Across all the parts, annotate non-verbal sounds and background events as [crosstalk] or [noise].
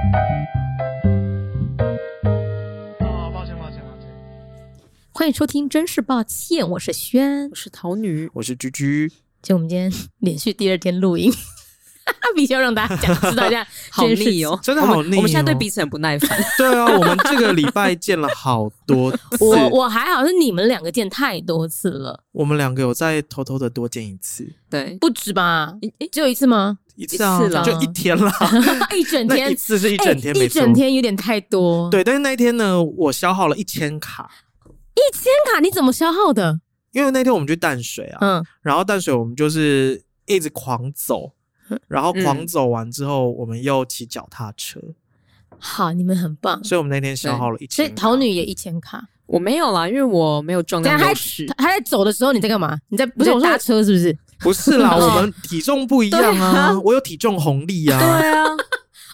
啊、哦，抱歉，抱歉，抱歉！歡迎收聽，真是抱歉，我是軒，我是桃女，我是居居。就我們今天連續第二天錄音，必須要讓大家講 [laughs] 知道一下，好累哦，真的好累、哦。我們現在對彼此很不耐煩。 [laughs] 對啊，我們這個禮拜見了好多次， [laughs] 我我還好是你們兩個見太多次了， [laughs] 我們兩個有在偷偷的多見一次，對，不止吧？欸、只有一次嗎？一次，啊、一次了，就一天了，啊， [laughs] 一整天。 [laughs] 一次是一整天，欸，一整天有點太多。對，但是那一天呢，我消耗了一千卡。一千卡，你怎麼消耗的？因為那天我們去淡水啊，嗯，然後淡水我們就是一直狂走，嗯、然後狂走完之後，我們又騎腳踏車。好，你們很棒，所以我們那天消耗了一千。桃女也一千卡，我沒有啦，因為我沒有重，啊。還在她在走的時候，你在幹嘛？你在不是落車是不是？不是.不是啦， [laughs] 我們體重不一樣啊，啊我有體重紅利啊。 [laughs] 對啊，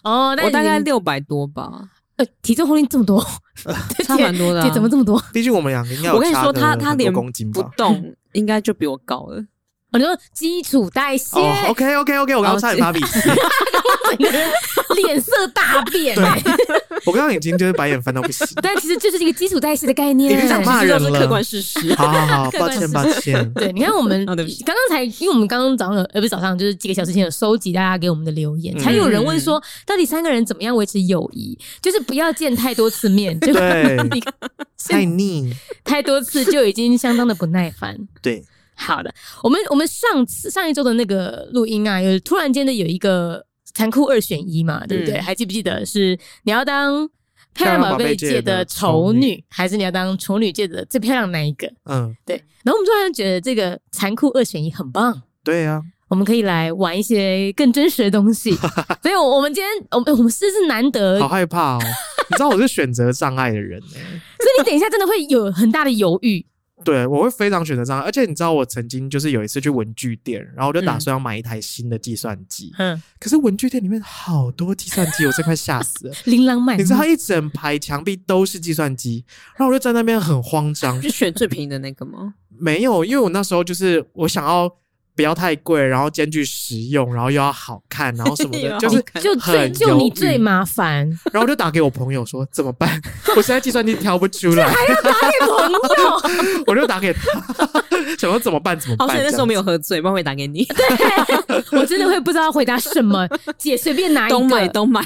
哦、oh,，我大概六百多吧。 [laughs] 呃體重紅利這麼多， [laughs] 差蠻多的， [laughs] 怎麼這麼多？畢竟我們倆，應該，我跟你說，他他兩公斤不動， [laughs] 應該就比我高了。 [laughs] 我說基礎代謝 o、oh, k OK OK，, okay、oh, 我剛剛差點發脾氣，臉色大變、欸。 [laughs] 我剛剛已經就是白眼翻到不行 [laughs] 但其實就是這個基礎代謝的概念。你想罵人了？客觀事實， [laughs] 好好好，抱歉抱歉。對，你看我們，剛剛才，因為我們剛剛早上，呃，不是早上，就是幾個小時前有收集大家給我們的留言，嗯、才有人問說，到底三個人怎麼樣維持友誼？就是不要見太多次面， [laughs] 對吧？太膩，太多次就已經相當的不耐煩， [laughs] 對。好的，我們我們上次上一周的那個錄音啊，有突然間的有一個殘酷二選一嘛，嗯，對不對？還記不記得是你要當漂亮寶貝界的醜女，女，還是你要當醜女界的最漂亮那一個？嗯，對。然後我們突然覺得這個殘酷二選一很棒。對呀，啊，我們可以來玩一些更真實的東西。 [laughs] 所以，我我們今天我們我們是不是難得，好害怕哦，喔。 [laughs] 你知道我是選擇障礙的人，欸、 [laughs] 所以你等一下真的會有很大的猶豫。對，我會非常選擇這樣。而且你知道，我曾經就是有一次去文具店，然後我就打算要買一台新的計算機。嗯，可是文具店裡面好多計算機， [laughs] 我真快嚇死了。琳琅滿目，你知道一整排牆壁都是計算機， [laughs] 然後我就站在那邊很慌張。是選最平的那個嗎？沒有，因為我那時候就是我想要。不要太貴，然後兼具實用，然後又要好看，然後什麼的，就是就最就你最麻煩。然後我就打給我朋友說怎麼辦？ [laughs] 我現在計算機挑不出來，還要打給朋友， [laughs] 我就打給他， [laughs] 想說怎麼辦？怎麼辦？好險那時候沒有喝醉，不然會打給你。對，我真的會不知道回答什麼，姐隨便拿一個，都買都買，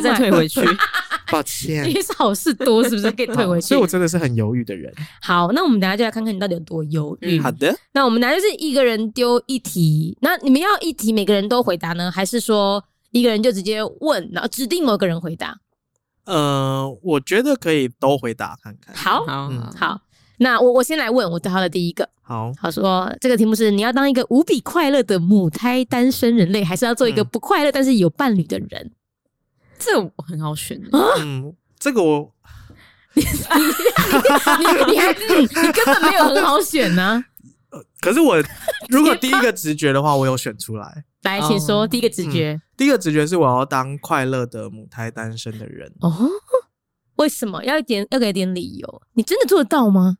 再退回去 [laughs] 抱歉，你 [laughs] 是好事多是不是？可以退回去。所以我真的是很猶豫的人。好，那我們等下就來看看你到底有多猶豫。好的，那我們等下就是一個人，丟一題，那你們要一題每個人都回答呢？還是說一個人就直接問，然後指定某個人回答？呃，我覺得可以都回答看看。好，嗯、好好，那我我先來問，我挑了第一個，好好說。這個題目是你要當一個無比快樂的母胎單身人類，還是要做一個不快樂但是有伴侶的人？嗯、這我很好選、啊啊。嗯，這個我 [laughs] 你你你你還你根本沒有很好選呢、啊。可是我如果第一個直覺的話，我有選出來。 [laughs] 來，請說、嗯、第一個直覺、嗯。第一個直覺是我要當快樂的母胎單身的人。哦，為什麼？要一點，要給點理由。你真的做得到嗎？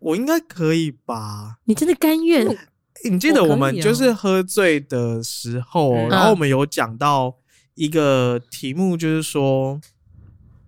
我應該可以吧？你真的甘願？你記得我們就是喝醉的時候，然後我們有講到一個題目，就是說，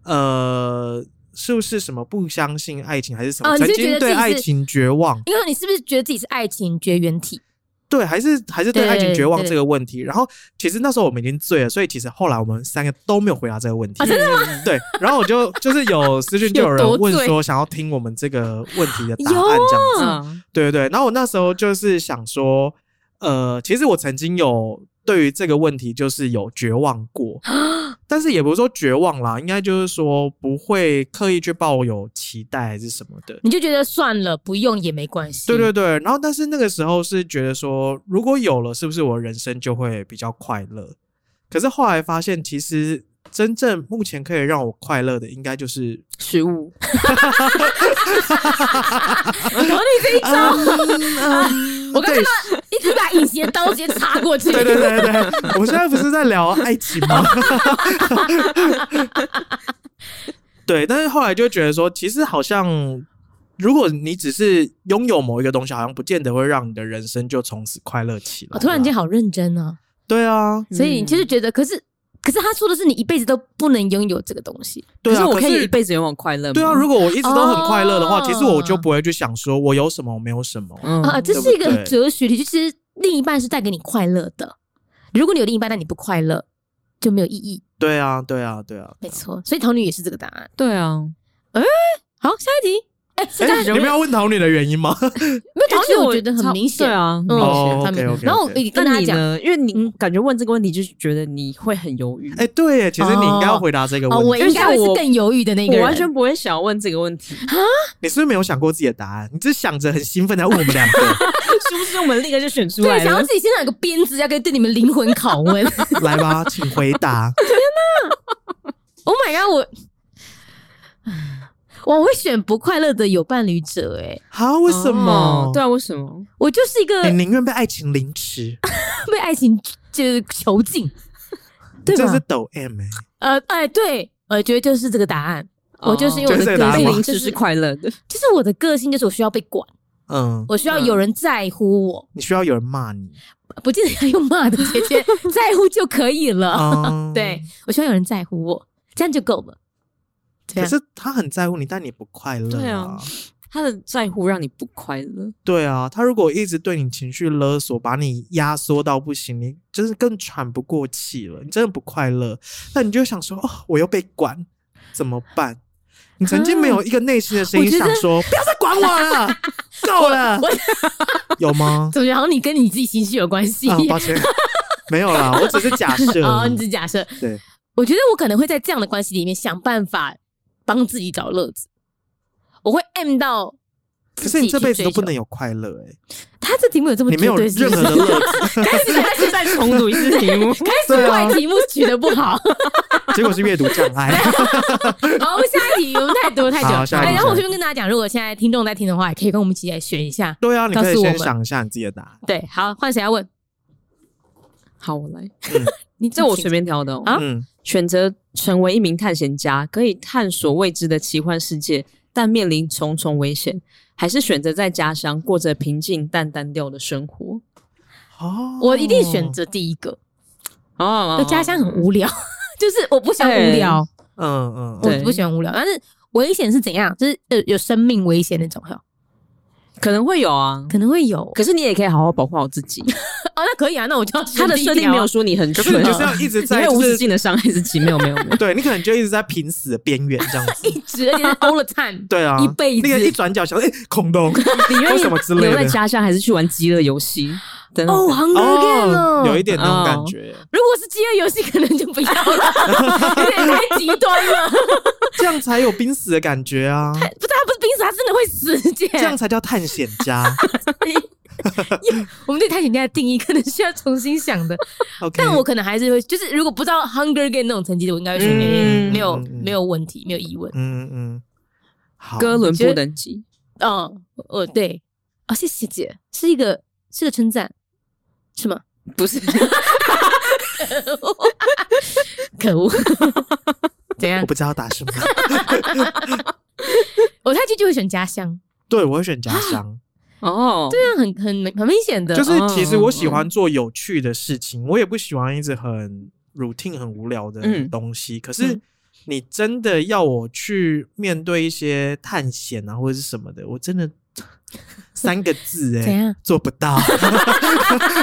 嗯、呃。是不是什麼不相信愛情，還是什麼、啊、是是是曾經對愛情絕望？因為你是不是覺得自己是愛情絕緣體？對，還是還是對愛情絕望這個問題？對對對對，然後其實那時候我們已經醉了，所以其實後來我們三個都沒有回答這個問題。對，對，對，對，對。然後我就 [laughs] 就是有私訊，就有人問說想要聽我們這個問題的答案這樣子。哦、對對對。然後我那時候就是想說，呃，其實我曾經有對於這個問題就是有絕望過。但是也不是說絕望啦，應該就是說不會刻意去抱有期待還是什麼的，你就覺得算了，不用也沒關係。對對對，然後但是那個時候是覺得說，如果有了，是不是我人生就會比較快樂？可是後來發現，其實真正目前可以讓我快樂的，應該就是食物。有 [laughs] [laughs] 你真好。嗯嗯我剛剛看到一直把隱形刀直接插過去。 [laughs] 對對對對，我們現在不是在聊愛情嗎？ [laughs] [laughs] 對，但是後來就覺得說，其實好像如果你只是擁有某一個東西，好像不見得會讓你的人生就從此快樂起來了、哦。突然間好認真啊！對啊、嗯，所以你就是覺得，可是。可是他說的是你一輩子都不能擁有這個東西。對啊，可是我可以一輩子擁有，有快樂嗎？對啊，如果我一直都很快樂的話，哦，其實我就不會去想說我有什麼，沒有什麼。啊、嗯，這是一個哲學題，就其實、是另一半是帶給你快樂的。如果你有另一半但你不快樂，就沒有意義。對啊，對啊，對啊，對啊，沒錯。所以唐女也是這個答案。對啊，哎、欸，好，下一題。哎、欸欸，你們要問桃女的原因嗎？因為桃女我覺得很明顯、嗯、啊。明顯嗯哦、okay, okay, okay, 然後我跟你講，因為你感覺問這個問題，就是覺得你會很猶豫。哎、欸，對、哦，其實你應該要回答這個問題，哦哦、我應該會是更猶豫的那個人，我，我完全不會想要問這個問題啊！你是不是沒有想過自己的答案？你只想着很興奮在問我們兩個， [laughs] 是不是我們立刻就選出來？對，想要自己現在有個鞭子，要可以對你們靈魂拷問。 [laughs] 來吧，請回答。 [laughs] 天哪、啊、！Oh my god，我。我會選不快樂的有伴侶者、欸，哎，好，為什麼、哦？對啊，為什麼？我就是一個寧願、欸、被愛情凌遲， [laughs] 被愛情就是、呃、囚禁，對吧？這是抖 M，、欸、呃，哎、呃，對，我覺得就是這個答案。哦、我就是因為我的個性凌、就、遲是快樂的，就是我的個性就是我需要被管，嗯，我需要有人在乎我，嗯嗯、你需要有人罵你，不記得要用罵的，姐姐 [laughs] 在乎就可以了。哦、 [laughs] 對，我需要有人在乎我，這樣就夠了。Yeah. 可是他很在乎你，但你不快樂、啊。對啊，他的在乎讓你不快樂。對啊，他如果一直對你情緒勒索，把你壓縮到不行，你就是更喘不過氣了。你真的不快樂，那你就想說：“哦，我又被管，怎麼辦？”你曾經沒有一個內心的聲音想說：“啊、不要再管我了，夠 [laughs] 了。我我”有嗎？總 [laughs] 覺得好像你跟你自己情緒有關係。啊、抱歉， [laughs] 沒有啦，我只是假設。 [laughs] 哦，你只是假設。對，我覺得我可能會在這樣的關係裡面想辦法。幫自己找樂子，我會 a m 到。可是你這輩子都不能有快樂哎、欸。他這題目有這麼重？對，是是你沒有任何的樂子， [laughs] 開始再重讀一次題目， [laughs] 開始怪題目取得不好，啊、 [laughs] [laughs] 結果是閱讀障礙。 [laughs] [laughs] 好，我下個題目太多太久，欸、然後我順便跟大家講，如果現在聽眾在聽的話，也可以跟我們一起來選一下。對啊，你可以先想一下你自己的答案。對，好，換誰要問？好，我來。嗯你這我隨便挑的，哦嗯、啊！選擇成為一名探險家，可以探索未知的奇幻世界，但面臨重重危險；還是選擇在家鄉過着平靜但單調的生活，哦？我一定選擇第一個。哦，哦，哦，哦，家鄉很無聊，嗯、 [laughs] 就是我不想無聊。對嗯嗯，嗯，我不喜歡無聊。但是危險是怎樣？就是有，有生命危險那種，有？可能會有啊，可能會有。可是你也可以好好保護好自己。 [laughs] 哦，那可以啊，那我就要要、啊、他的設定沒有說你很蠢，是就是要一直在、就是、 [laughs] 有無止境的傷害自己。沒有，沒有沒有， [laughs] 對你可能就一直在瀕死的邊緣這樣子， [laughs] 一直了，而且 all the time 對啊，一輩子。那個一轉角，小、欸、哎，空洞，你 [laughs] 為什麼留在家鄉，還是去玩飢餓遊戲？哦 [laughs] ，Hunger Game 有一點那種感覺。Oh. [laughs] 如果是飢餓遊戲，可能就不要了， [laughs] [laughs] 有點太極端了， [laughs] [laughs] 這樣才有瀕死的感覺啊！不對，他不是瀕死，他真的會死 [laughs] 這樣才叫探險家。 [laughs] [laughs] yeah, 我們對探險家的定義可能需要重新想的，okay. 但我可能還是會，就是如果不知道 Hunger Game 那種成績，我應該會選、嗯、沒有、嗯沒有嗯、沒有問題、嗯，沒有疑問。嗯嗯，好，哥倫布等級嗯，哦對，哦，謝謝姐，是一個是一個是一個稱讚，是嗎？不是， [laughs] [laughs] [laughs] 可惡， [laughs] 可惡 [laughs] 怎樣？我，我不知道打什麼。我太監就會選家鄉，對我會選家鄉。 [laughs] 哦、oh, 啊，這樣很很很明顯的，就是其實我喜歡做有趣的事情，oh, um, um, 我也不喜歡一直很 routine、很無聊的東西、嗯。可是你真的要我去面對一些探險啊，或者是什麼的，我真的三個字哎、欸，做不到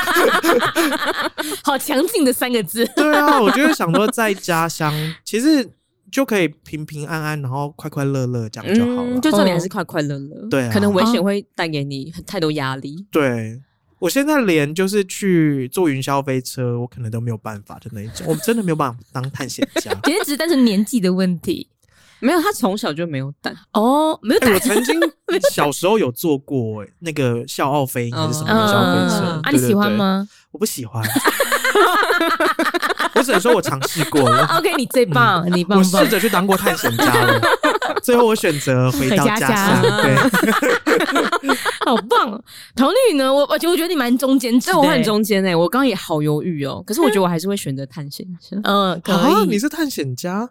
[laughs] 好強勁的三個字。對啊，我就是想說，在家鄉 [laughs] 其實。就可以平平安安，然後快快樂樂，這樣就好了、嗯。就重點還是快快樂樂，對、啊，可能危險會帶給你太多壓力、啊。對，我現在連就是去坐雲霄飛車，我可能都沒有辦法，就那一種，我真的沒有辦法當探險家， [laughs] 其實，只是年紀的問題， [laughs] 沒有，他從小就沒有膽哦，oh, 沒有膽、欸。我曾經小時候有坐過、欸、 [laughs] 那個笑傲飛鷹還是什麼雲、oh, 霄飛車啊，uh, uh, 對對對 uh, 你喜歡嗎？我不喜歡。 [laughs] [laughs] 我只能說我嘗試過了。OK，你最棒，嗯、你棒，棒！我試着去當過探險家了， [laughs] 最後我選擇回到家，家，家、啊。對， [laughs] [laughs] 好棒！陶麗宇呢？我我覺得你蠻中間，所以我很中間哎、欸。我剛剛也好猶豫哦、喔，可是我覺得我還是會選擇探險。嗯，呃、可以、啊，你是探險家？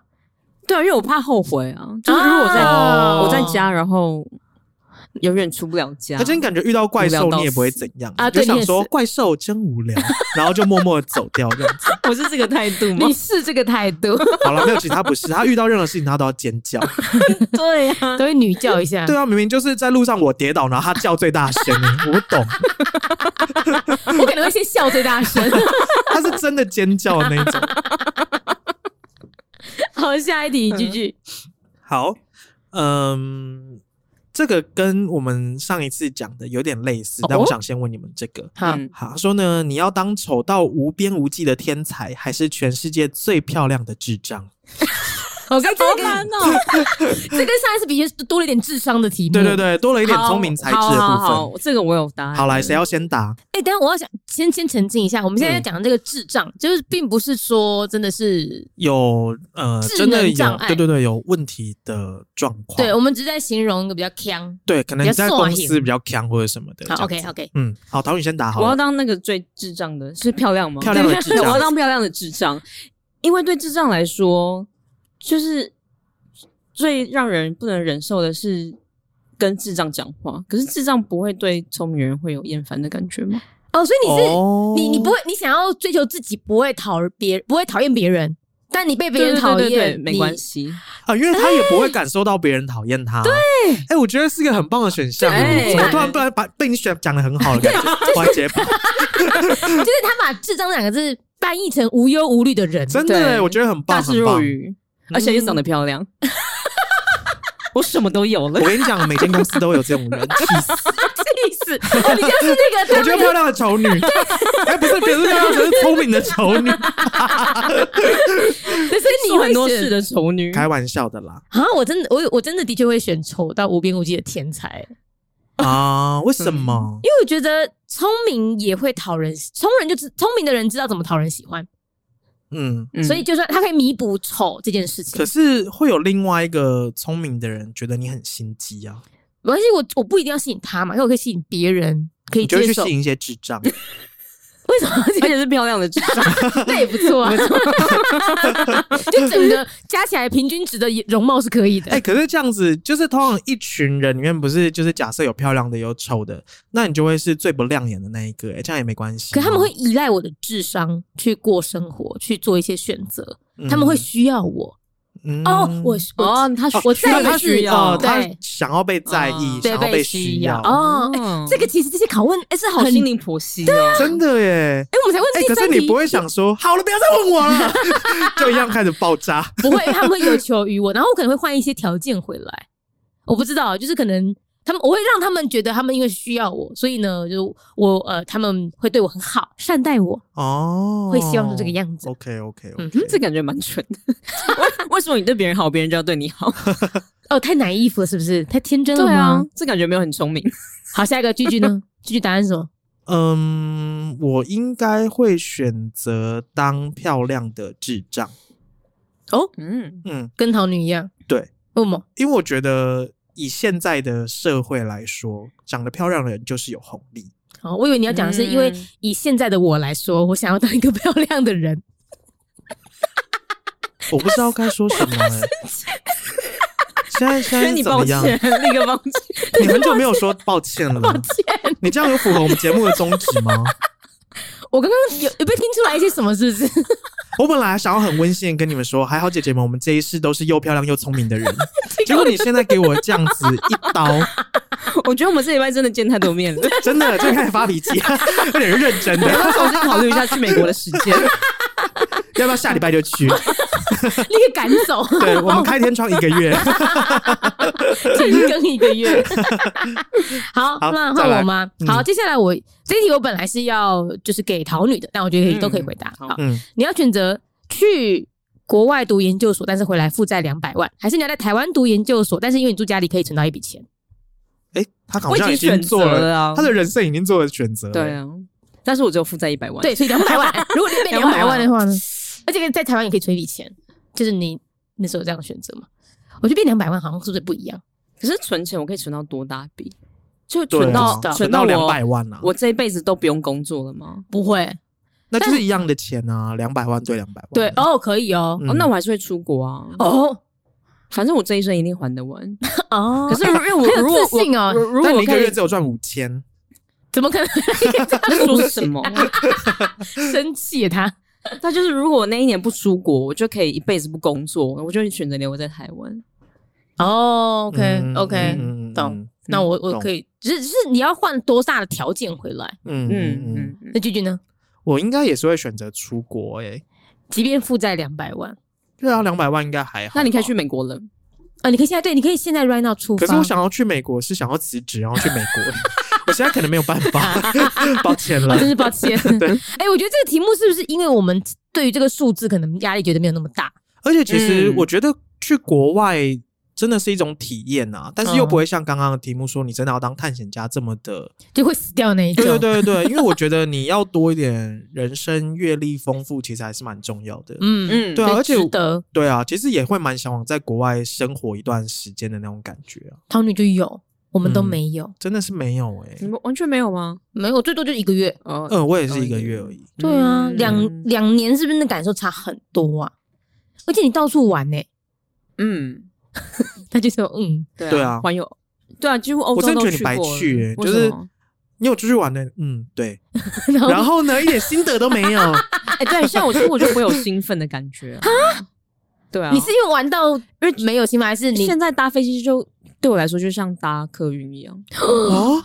對啊，因為我怕後悔啊，就是如果我在、啊、我在家，然後。永遠出不了家，他今天感覺遇到怪獸，你也不會怎樣啊？就想說怪獸真無聊、啊，然後就默默走掉這樣子。我是這個態度嗎？你是這個態度？好了，沒有其他不是。 [laughs] 他遇到任何事情，他都要尖叫。 [laughs] 對啊，都會女叫一下對。對啊，明明就是在路上我跌倒，然後他叫最大聲、欸。我不懂。 [laughs] 我可能會先笑最大聲。 [laughs] 他是真的尖叫的那種。 [laughs] 好，下一題，繼續、嗯。好，嗯。這個跟我們上一次講的有點類似，但我想先問你們這個。哈、oh?，哈說呢，你要當醜到無邊無際的天才，還是全世界最漂亮的智障？ [laughs] 好艱難哦！喔、 [laughs] 這跟上一次比多了一點智商的題目，對對對，多了一點聰明才智的部分。這個我有答案。好，來，誰要先答？哎、欸，等下我要想先先澄清一下，我們現在要講的這個智障，就是並不是說真的是有呃真的有對對對，有問題的狀況。對，我們只是在形容一個比較鏘，對，可能在公司比較鏘或者什麼的好。OK OK，嗯，好，陶宇先答好。我要當那個最智障的，是漂亮嗎？漂亮的智障，所以我要當漂亮的智障， [laughs] 因為對智障來說。就是最讓人不能忍受的是跟智障講話，可是智障不會對聰明人會有厭煩的感覺嗎？哦，所以你是、哦、你你不會，你想要追求自己不會討別不會討厭別人，但你被別人討厭，對對對對，沒關係啊，因為他也不會感受到別人討厭他、欸。對，哎、欸，我覺得是一個很棒的選項。我突然突然把被你選講的很好的感覺，團結吧。 [laughs] 就是他把“智障”兩個字翻譯成“無憂無慮的人”，真的、欸，我覺得很棒，大智若而且又長得漂亮、嗯，我什麼都有了。我跟你講，每間公司都有這種人，氣 [laughs] 死，死、哦、你就是那個、 [laughs] 我覺得比較漂亮的醜女， [laughs] 哎，不是，不是漂亮的，是聰、啊就是、明的醜女。這 [laughs] 是你會選的醜女，開玩笑的啦。啊，我真的，我我真的的確會選醜到無邊無際的天才啊？為什麼？嗯、因為我覺得聰明也會討人，聰明就知聰明的人知道怎麼討人喜歡。嗯，所以就算他可以彌補醜這件事情，可是會有另外一個聰明的人覺得你很心機啊。沒關係，我我不一定要吸引他嘛，因為我可以吸引別人，可以接受。你就去吸引一些智障。 [laughs] 為什麼這就是漂亮的智商？欸、 [laughs] 那也不錯啊， [laughs] 就整個加起來平均值的容貌是可以的、嗯。哎、欸，可是這樣子就是通常一群人裡面不是就是假設有漂亮的有醜的，那你就會是最不亮眼的那一個、欸，哎，這樣也沒關係。可他們會依賴我的智商、嗯、去過生活去做一些選擇，他們會需要我。嗯嗯、哦，我我、哦、他我在他被需要，他被需要，他想要被在意，哦、想要被需要，被被需要哦、欸欸。這個其實這些拷問，誒、欸、是好心靈婆媳，對啊，真的耶。誒、欸、我們才問第一、欸、可是你不會想說，好了，不要再問我了， [laughs] [laughs] 就一樣開始爆炸。不會，他們會有求於我，然後我可能會換一些條件回來。 [laughs] 我不知道，就是可能。他們我會讓他們覺得他們因為需要我，所以呢，就我呃他們會對我很好，善待我哦，oh, 會希望是這個樣子。OK OK，, okay. 嗯,嗯這感覺蠻蠢的 [laughs] 為什麼你對別人好，別人就要對你好？ [laughs] 哦，太 naive 了，是不是？太天真了。對啊，這感覺沒有很聰明。好，下一個句句呢？句 [laughs] 句答案是什麼？嗯、um,，我應該會選擇當漂亮的智障。哦，嗯嗯，跟桃女一樣。對，為什麼？因為我覺得。以現在的社會來說，長得漂亮的人就是有紅利。哦，我以為你要講的是，因為以現在的我來說、嗯，我想要當一個漂亮的人。嗯、我不知道該說什麼、欸。 [laughs] 現在，現在怎麼樣？你抱歉、那個。你很久沒有說抱歉了。 [laughs] 抱歉。你這樣有符合我們節目的宗旨嗎？ [laughs] 我剛剛有有被聽出來一些什麼？是不是、啊？我本來想要很溫馨的跟你們說，還好姐姐們，我們這一世都是又漂亮又聰明的人。 [laughs] 結果你現在給我這樣子一刀， [laughs] 我覺得我們這禮拜真的見太多面了，真的就開始發脾氣，有點認真的。我重新考慮一下去美國的時間，要不要下禮拜就去？立刻趕走！對我們開天窗一個月，停 [laughs] [laughs] 更一個月。 [laughs] 好，好，那好，換我嗎、嗯、好，接下來我這一題我本來是要就是給桃女的，但我覺得你、嗯、都可以回答。好，嗯、你要選擇去國外讀研究所，但是回來負債兩百萬，還是你要在台灣讀研究所，但是因為你住家裡可以存到一筆錢？哎、欸，他已我已經選擇了，他的人生已經做了選擇，對啊。但是我只有負債一百萬，對，所以兩百萬。 [laughs] 如果你變兩百萬的話呢？ [laughs] 而且在台灣也可以存一筆錢，就是你那時候有這樣的選擇嘛？我覺得變兩百萬好像是不是不一樣？可是存錢我可以存到多大筆？就存到、啊、存到兩百萬啊我！我這一輩子都不用工作了嗎？不會，那就是一樣的錢啊，兩百萬對兩百萬，對哦，可以哦，、嗯、哦，那我還是會出國啊，哦，反正我這一生一定還得完哦，可是因為我自信、哦、如果我，我如果但一個月只有賺五千， [laughs] 怎麼可看能？說 [laughs] 什麼？ [laughs] 生氣啊，他。那 [laughs] 就是，如果我那一年不出國，我就可以一輩子不工作，我就會選擇留在台灣。哦，OK，OK，、okay, okay, 嗯、懂。那我我可以，只是只是你要換多大的條件回來？嗯嗯嗯。那俊俊呢？我應該也是會選擇出國、欸，哎，即便負債兩百萬，對啊，兩百萬應該還好。那你可以去美國了，啊，你可以現在對，你可以現在 right now 出發。可是我想要去美國是想要辭職然後去美國。 [laughs] 我現在可能沒有辦法 [laughs] [laughs] 抱歉了、啊，真、就是抱歉。 [laughs] 對，哎、欸，我覺得這個題目是不是因為我們對於這個數字可能壓力覺得沒有那麼大？而且其實我覺得去國外真的是一種體驗啊、嗯，但是又不會像剛剛的題目說你真的要當探險家這麼的就會死掉那一種。對,對對對，因為我覺得你要多一點人生閱歷豐富，其實還是蠻重要的。嗯嗯，對啊，而且對啊，其實也會蠻向往在國外生活一段時間的那種感覺啊。湯女就有。我們都沒有，嗯、真的是沒有哎、欸，你們完全沒有嗎？沒有，最多就一個月、呃。嗯，我也是一個月而已。對啊，兩、嗯、兩年是不是那感受差很多啊？嗯、而且你到處玩呢、欸，嗯， [laughs] 他就是說嗯對、啊，對啊，玩有。對啊，幾乎歐洲都去過。我真的覺得你白去、欸，就是你有出去玩呢、欸。嗯，對。 [laughs] 然，後然後呢， [laughs] 一點心得都沒有。哎、 [laughs] 欸，對，像我出去，我就會有興奮的感覺、啊。 [laughs] 對啊，你是因為玩到因為沒有心嗎？還是你現在搭飛機就對我來說就像搭客運一樣、哦？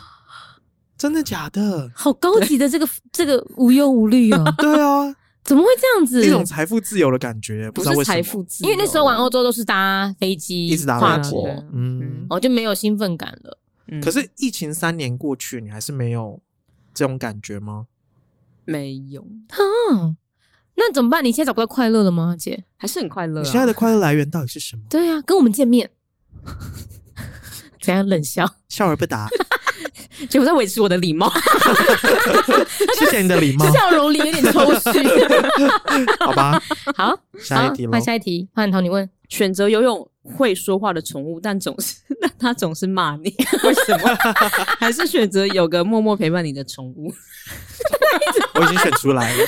真的假的？好高級的這個這個無憂無慮啊！ [laughs] 對啊，怎麼會這樣子？一種財富自由的感覺，不是財富自由，不知道為什麼。因為那時候玩歐洲都是搭飛機，一直搭飛機、嗯，嗯，哦，就沒有興奮感了、嗯。可是疫情三年過去，你還是沒有這種感覺嗎？沒有哼、啊那怎麼辦？你現在找不到快樂了嗎，姐？還是很快樂，啊？你現在的快樂來源到底是什麼？對呀，啊，跟我們見面。 [laughs] 怎樣冷笑？笑而不答。姐，我在維持我的禮貌。 [laughs] [laughs] 謝謝你的禮貌。笑容裡有點抽搐。 [laughs] 好吧，好，下一題。換，啊、下一題，換你，你問。選擇游泳會說話的寵物，但總是但他總是罵你，為什麼？ [laughs] 還是選擇有個默默陪伴你的寵物？ [laughs] [laughs] [laughs] 我已經選出來了，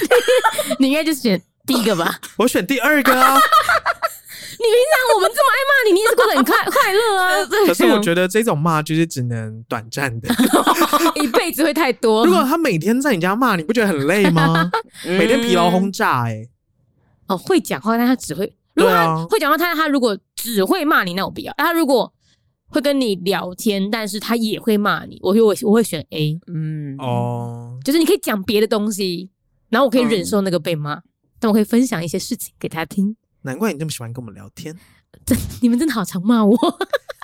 你,你應該就是選第一個吧。 [laughs] 我選第二個啊！ [laughs] 你平常我們這麼愛罵你，你一直過得很快快樂啊？ [laughs] [laughs] 可是我覺得這種罵就是只能短暫的， [laughs] [laughs] 一輩子會太多。如果他每天在你家罵你，不覺得很累嗎？ [laughs] 嗯、每天疲勞轟炸、欸，哎。哦，會講話，但他只會。如果他會講話，他他如果只會罵你，那我不要；他如果會跟你聊天，但是他也會罵你，我我我會選 A。嗯，哦、oh.，就是你可以講別的東西，然後我可以忍受那個被罵，oh. 但我可以分享一些事情給他聽。難怪你這麼喜歡跟我們聊天。你們真的好常罵我，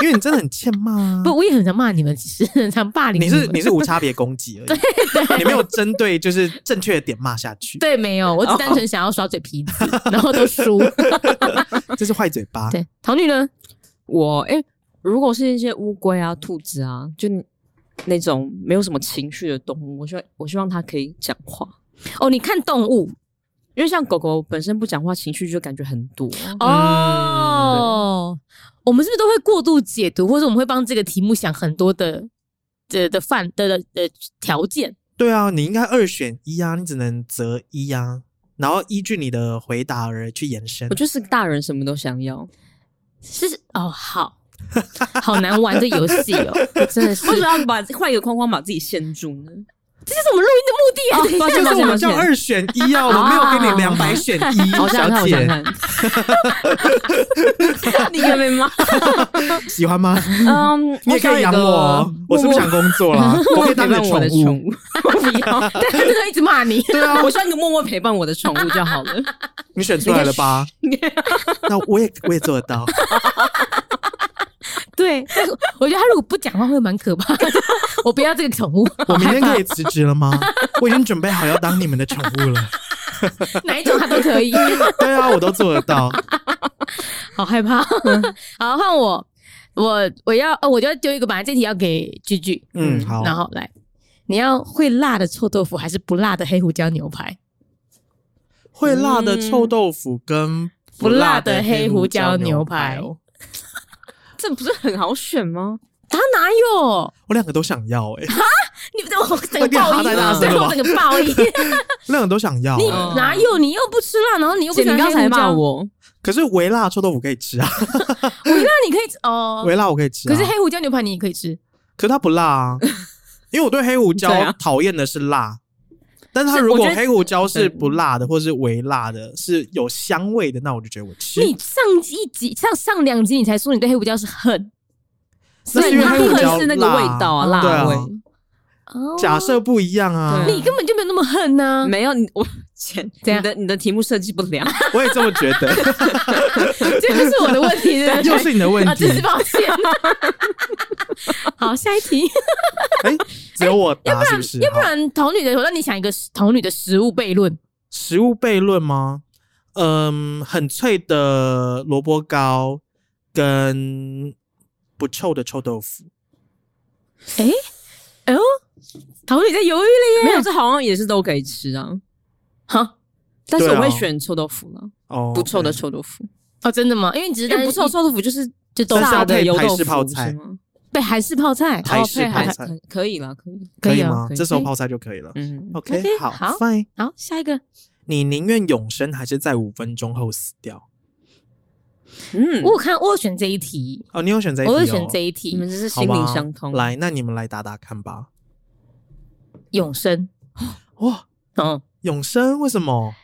因為你真的很欠罵，啊。不，我也很想罵你們，其實很常霸凌你們。你是你是無差別攻擊而已，對 [laughs] 對，對 [laughs] 你沒有針對，就是正確的點罵下去。對，沒有，我只單純想要耍嘴皮子，哦、然後都輸， [laughs] 這是壞嘴巴。對，唐女呢？我哎，欸，如果是一些烏龜啊、兔子啊，就那種沒有什麼情緒的動物，我希望我希望它可以講話。哦，你看動物，因為像狗狗本身不講話，情緒就感覺很多哦。嗯嗯哦，我們是不是都會過度解讀，或者我們會幫這個題目想很多的的的範的的條件？對啊，你應該二選一啊，你只能擇一啊，然後依據你的回答而去延伸。我就是大人，什麼都想要。是哦，好好難玩這遊戲哦， [laughs] 我真的是， [laughs] 為什麼要把換一個框框把自己限住呢？這是我們錄音的目的啊！那、哦、就是我們叫二選一啊、哦，我沒有給你兩百選一小、哦哦，小姐。你有沒有罵？ [laughs] 喜歡嗎？嗯，你、嗯、也可以養我、嗯，我是不想工作了、嗯，我可以，我我可以當你的寵我的寵物。不要，但是不能一直罵你。對啊，我希望你默默陪伴我的寵物就好了。你選出來了吧？ [laughs] 那我也我也做得到。 [laughs] 對，我覺得他如果不講話會蠻可怕的。 [laughs] 我不要這個寵物。我明天可以辭職了嗎？ [laughs] 我已經準備好要當你們的寵物了 [laughs] 。 [laughs] 哪一種他都可以 [laughs] 對啊，我都做得到。好害怕。 [laughs] 好，換我，我我要，我就要丟一個板。這題要給句句。嗯，好。然後來，你要會辣的臭豆腐還是不辣的黑胡椒牛排？嗯、會辣的臭豆腐跟不辣的黑胡椒牛排、嗯這不是很好選嗎？啊，哪有？我兩個都想要哎！哈，你不我整個報應，最後我整個報應。兩個都想要，啊，你哪有？你又不吃辣，然後你又不……想。你剛才罵我，可是微辣臭豆腐可以吃啊 [laughs] ！微辣你可以吃。哦，呃，微辣我可以吃，啊。可是黑胡椒牛排你也可以吃，可是它不辣啊， [laughs] 因為我對黑胡椒討厭的是辣，啊。但是它如果黑胡椒是不辣的，或是微辣的是，是有香味的，那我就覺得我吃。你上一集、上上兩集你才說你對黑胡椒是恨。所以它不合適那個味道啊，辣味。假設不一樣啊，你根本就沒有那麼恨吶，沒有我。這樣，你的你的題目設計不了， [laughs] 我也這麼覺得，這 [laughs] 就 [laughs] 是我的問題， [laughs] [laughs] 又是你的問題， [laughs] 啊、 [laughs] 好，下一題。哎 [laughs] 、欸，只有我答是不是？欸、要不然童女的，我讓你想一個童女的食物悖論。食物悖論嗎？嗯，很脆的蘿蔔糕跟不臭的臭豆腐。哎、欸，哎呦，童女在猶豫了耶。沒有，這好像也是都可以吃啊。哈，但是我會選臭豆腐呢、啊，不臭的臭豆腐，oh, okay. 哦，真的嗎？因為你只是為不臭臭豆腐，就是就都是油豆腐，是，泡菜是嗎，泡菜是嗎泡菜？對，海式泡菜，海、哦、式泡菜可以，可以了，可以可以嗎可以可以？這時候泡菜就可以了。以嗯，OK，好，好，好，好，好，好，好，好，好，好，下一個，你寧願永生，還是在五分鐘後死掉？嗯，我有看我有選這一題哦，你有選這一題，我會選這一題，你們真是心靈相通。來，那你們來打打看吧。永生，哇，嗯。嗯。永生為什麼？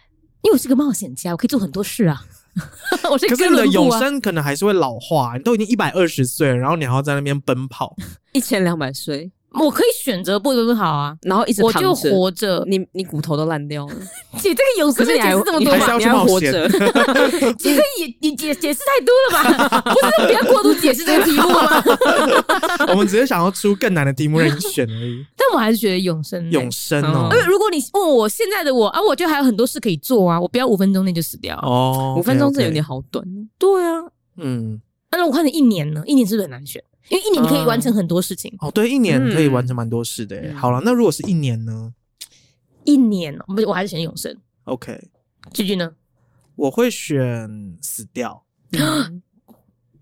因為我是個冒險家，我可以做很多事啊， [laughs] 啊。可是你的永生可能還是會老化，你都已經一百二十歲了，然後你還要在那邊奔跑。一千兩百歲。 [laughs] 我可以選擇不，不是好啊，然後一直我就活着，你你骨頭都爛掉了。姐，這個永生是你還，你還，你還是這麼多嗎？你還活着？其實你解解釋太多了吧？ [laughs] 不是，不要過度解釋這個題目了。 [laughs] [laughs] [laughs] 我們只是想要出更難的題目讓你選而已。 [laughs] 但我還是覺得永生、欸、永生哦，因、嗯、為如果你問我現在的我啊，我覺得還有很多事可以做啊，我不要五分鐘內就死掉哦。五分鐘這有點好短 okay, okay，對啊，嗯。啊、但是我看你一年呢，一年是不是很難選？因為一年你可以完成很多事情、嗯、哦，對，一年可以完成蠻多事的、嗯。好了，那如果是一年呢？一年、喔，不，我還是選永生。OK，繼續呢？我會選死掉。嗯、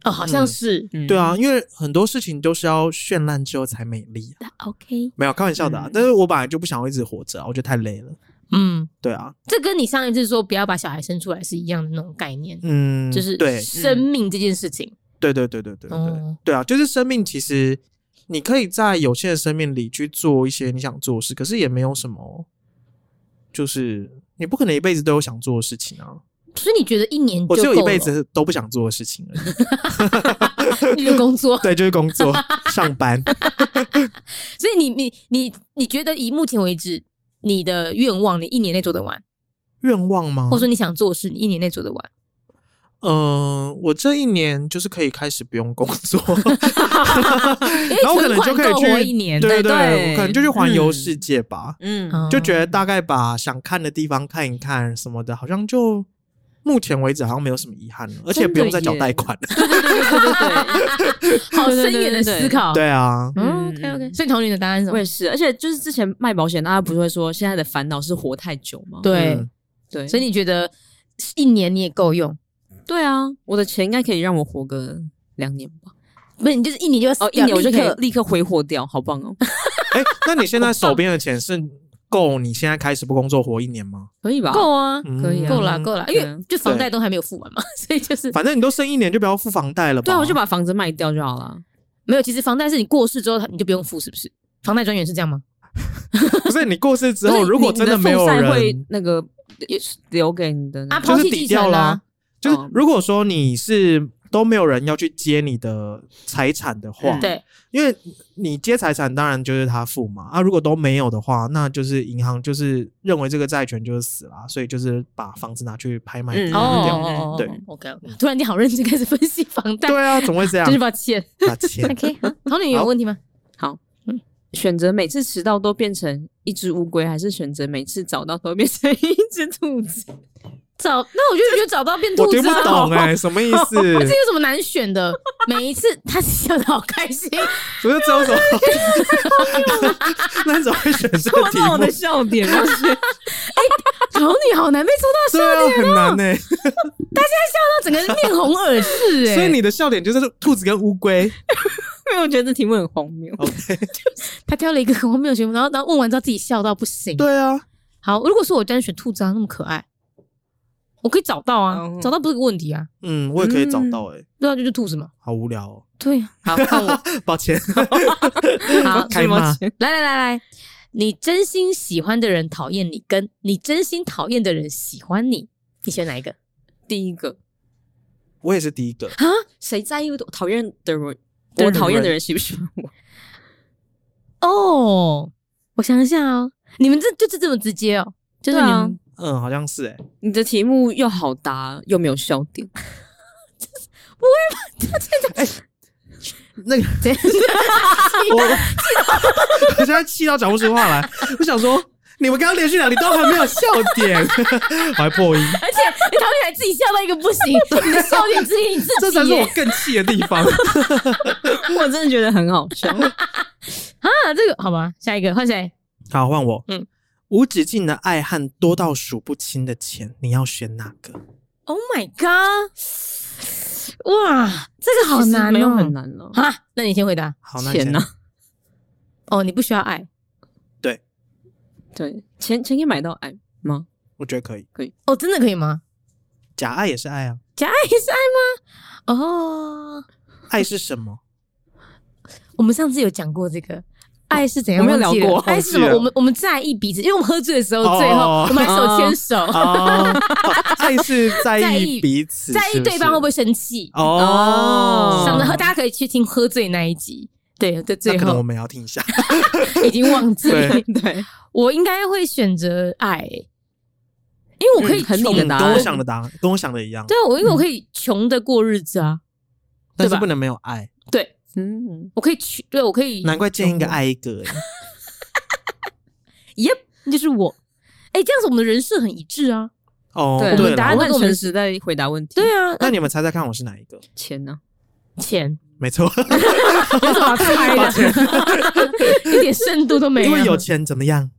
哦，好像是、嗯，對啊，因為很多事情都是要絢爛之後才美麗、啊。OK，沒有開玩笑的、啊嗯，但是我本來就不想要一直活着、啊，我覺得太累了。嗯，對啊，這跟你上一次說不要把小孩生出來是一樣的那種概念。嗯，就是對生命這件事情。嗯對對對對對對、嗯、對啊！就是生命，其實你可以在有限的生命裡去做一些你想做的事，可是也沒有什麼，就是你不可能一輩子都有想做的事情啊。所以你覺得一年就我就一輩子都不想做的事情了？ [laughs] 你的工作對，就是工作 [laughs] 上班。 [laughs] 所以你你你你覺得以目前為止，你的願望你一年內做得完？願望嗎？或者說你想做的事，你一年內做得完？嗯、呃，我這一年就是可以開始不用工作 [laughs] ， [laughs] 然後可能就可以去一年，對對，對，對我可能就去環遊世界吧。嗯，就覺得大概把想看的地方看一看什麼的，好像就目前為止好像沒有什麼遺憾了，而且不用再繳貸款了。 [laughs] [laughs] 對對對對，好深遠的思考。對啊，嗯，OK OK。所以同樣你的答案是什麼？我也是。而且就是之前賣保險，大家不是會說現在的煩惱是活太久嗎？對對，對，所以你覺得一年你也夠用？對啊，我的錢應該可以讓我活個兩年吧？不是，你就是一年就死、哦，一年我就可以立刻揮霍掉，好棒哦！哎、 [laughs] 欸，那你現在手邊的錢是夠你現在開始不工作活一年嗎？ [laughs] 可以吧？夠啊，可以、啊，夠了、啊，夠了。因為就房貸都還沒有付完嘛，所以就是反正你都剩一年，就不要付房貸了吧。對、啊，我就把房子賣掉就好了。沒有，其實房貸是你過世之後你就不用付，是不是？房貸專員是這樣嗎？ [laughs] 不是，你過世之後，如果真的沒有人，會那個也是留給你的、那個就是、啊，是抵掉啦。就是如果說你是都沒有人要去接你的財產的話、嗯，對，因為你接財產當然就是他付嘛。啊，如果都沒有的話，那就是銀行就是認為這個債權就是死了，所以就是把房子拿去拍賣掉、嗯哦哦哦哦。對，OK。突然你好認真開始分析房貸，對啊，怎麼會這樣，就是把錢把錢。OK [laughs] 好。好，你有問題嗎？好，選擇每次遲到都變成一隻烏龜，還是選擇每次早到都變成一只兔子？找那我就覺得找得到變兔子、啊，我聽不懂哎、欸，什麼意思？是、哦、有什麼難選的？ [laughs] 每一次他笑得好開心，不是只有什麼？那怎麼會選這個題目？我的笑點，就是哎，找你好難被抽到笑點都、啊、很難哎、欸。 [laughs] 他現在笑到整個面紅耳赤哎、欸。 [laughs] 所以你的笑點就是兔子跟烏龜，因為我覺得這題目很荒謬。Okay. [laughs] 他挑了一個很荒謬題目，然後然後問完之後自己笑到不行。對啊，好，如果說我單選兔子啊，啊那麼可愛。我可以找到啊、嗯，找到不是個問題啊。嗯，我也可以找到誒、欸、對啊，就是吐什麼好無聊哦。對啊。好 [laughs] 抱歉。好，開始嗎？來來來來，你真心喜歡的人討厭你，跟你真心討厭的人喜歡你，你選哪一個？第一個。我也是第一個。啊？誰在意我討厭的，的人？我討厭的人喜不喜歡我？哦、 [laughs] oh,，我想一下哦。你們這就是這麼直接哦？就是你們啊。嗯，好像是誒、欸、你的題目又好答，又沒有笑點。不會吧？他現在哎，那個、 [laughs] 氣到我 [laughs] 我現在氣到講不出話來。 [laughs] 我想說，你們剛剛連續兩題都還沒有笑點，我還 [laughs] 破音。而且，剛才還自己笑到一個不行， [laughs] 你的笑點只有你自己，自己，這才是我更氣的地方。 [laughs] 我真的覺得很好笑啊！ [laughs] 這個好吧，下一個換誰？好，換我。嗯。無止境的愛和多到數不清的錢，你要選哪個？Oh my god！哇，這個好難哦、喔，沒有很難了、喔、啊！那你先回答好錢呢、啊？哦，你不需要愛？對對，錢錢可以買到愛嗎？我覺得可以，可以。哦、oh,，真的可以嗎？假愛也是愛啊。假愛也是愛嗎？哦，愛是什麼？ [laughs] 我們上次有講過這個。愛是怎樣忘記？愛是什麼？我們我們在意彼此，因為我們喝醉的時候，oh, 最後我們還手牽手。Uh, uh, uh, [laughs] 愛是在意彼此，在意，在意對方會不會生氣。哦、oh,，想、oh, 着大家可以去聽喝醉那一集。對，在最後可能我們要聽一下， [laughs] 已經忘記了。對，對我應該會選擇愛，因為我可以很簡單的。跟我想的答案，跟我想的一樣。對，我因為我可以窮的過日子啊、嗯，但是不能沒有愛。對。嗯，我可以去，對我可以我。難怪見一個愛一個、欸，耶 [laughs] yep,，就是我。哎、欸，這樣子我們的人設很一致啊。哦，對，對對我們答案在我們時代回答問題。對啊，嗯、那你們猜猜看我是哪一個？錢呢、啊？錢，沒錯。發 [laughs] 財、 [laughs] [laughs] 啊、的， [laughs] [laughs] [laughs] [laughs] [laughs] 一點深度都沒有。因為有錢怎麼樣？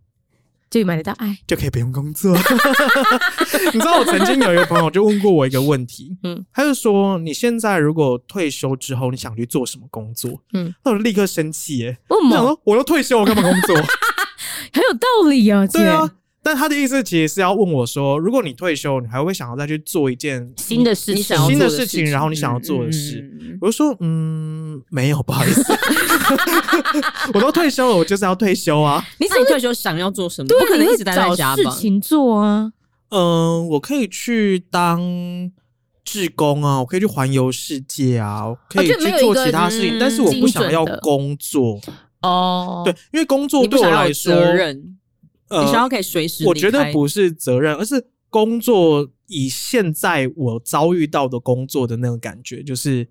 就買得到愛，就可以不用工作 [laughs] 。 [laughs] 你知道我曾經有一個朋友就問過我一個問題， [laughs] 嗯，他就說，你現在如果退休之後，你想去做什麼工作？嗯，那我立刻生氣耶，問什麼？想說我要退休，我幹嘛工作？很 [laughs] 有道理啊、姐，對啊。但他的意思其實是要問我說，如果你退休，你還會想要再去做一件新的事情，、嗯、你想要做的事情，新的事情、嗯，然後你想要做的事。嗯嗯、我就說，嗯，沒有，不好意思， [laughs] [laughs] [laughs] 我都退休了，我就是要退休啊。你自己退休想要做什麼？不可能一直在在家吧？事情做啊。嗯、呃，我可以去當志工啊，我可以去環遊世界啊，我可以去、啊、做其他事情、嗯，但是我不想要工作。哦，對，因為工作對我來說。你、呃、想要可以隨時，我覺得不是責任，而是工作。以現在我遭遇到的工作的那種感覺，就是，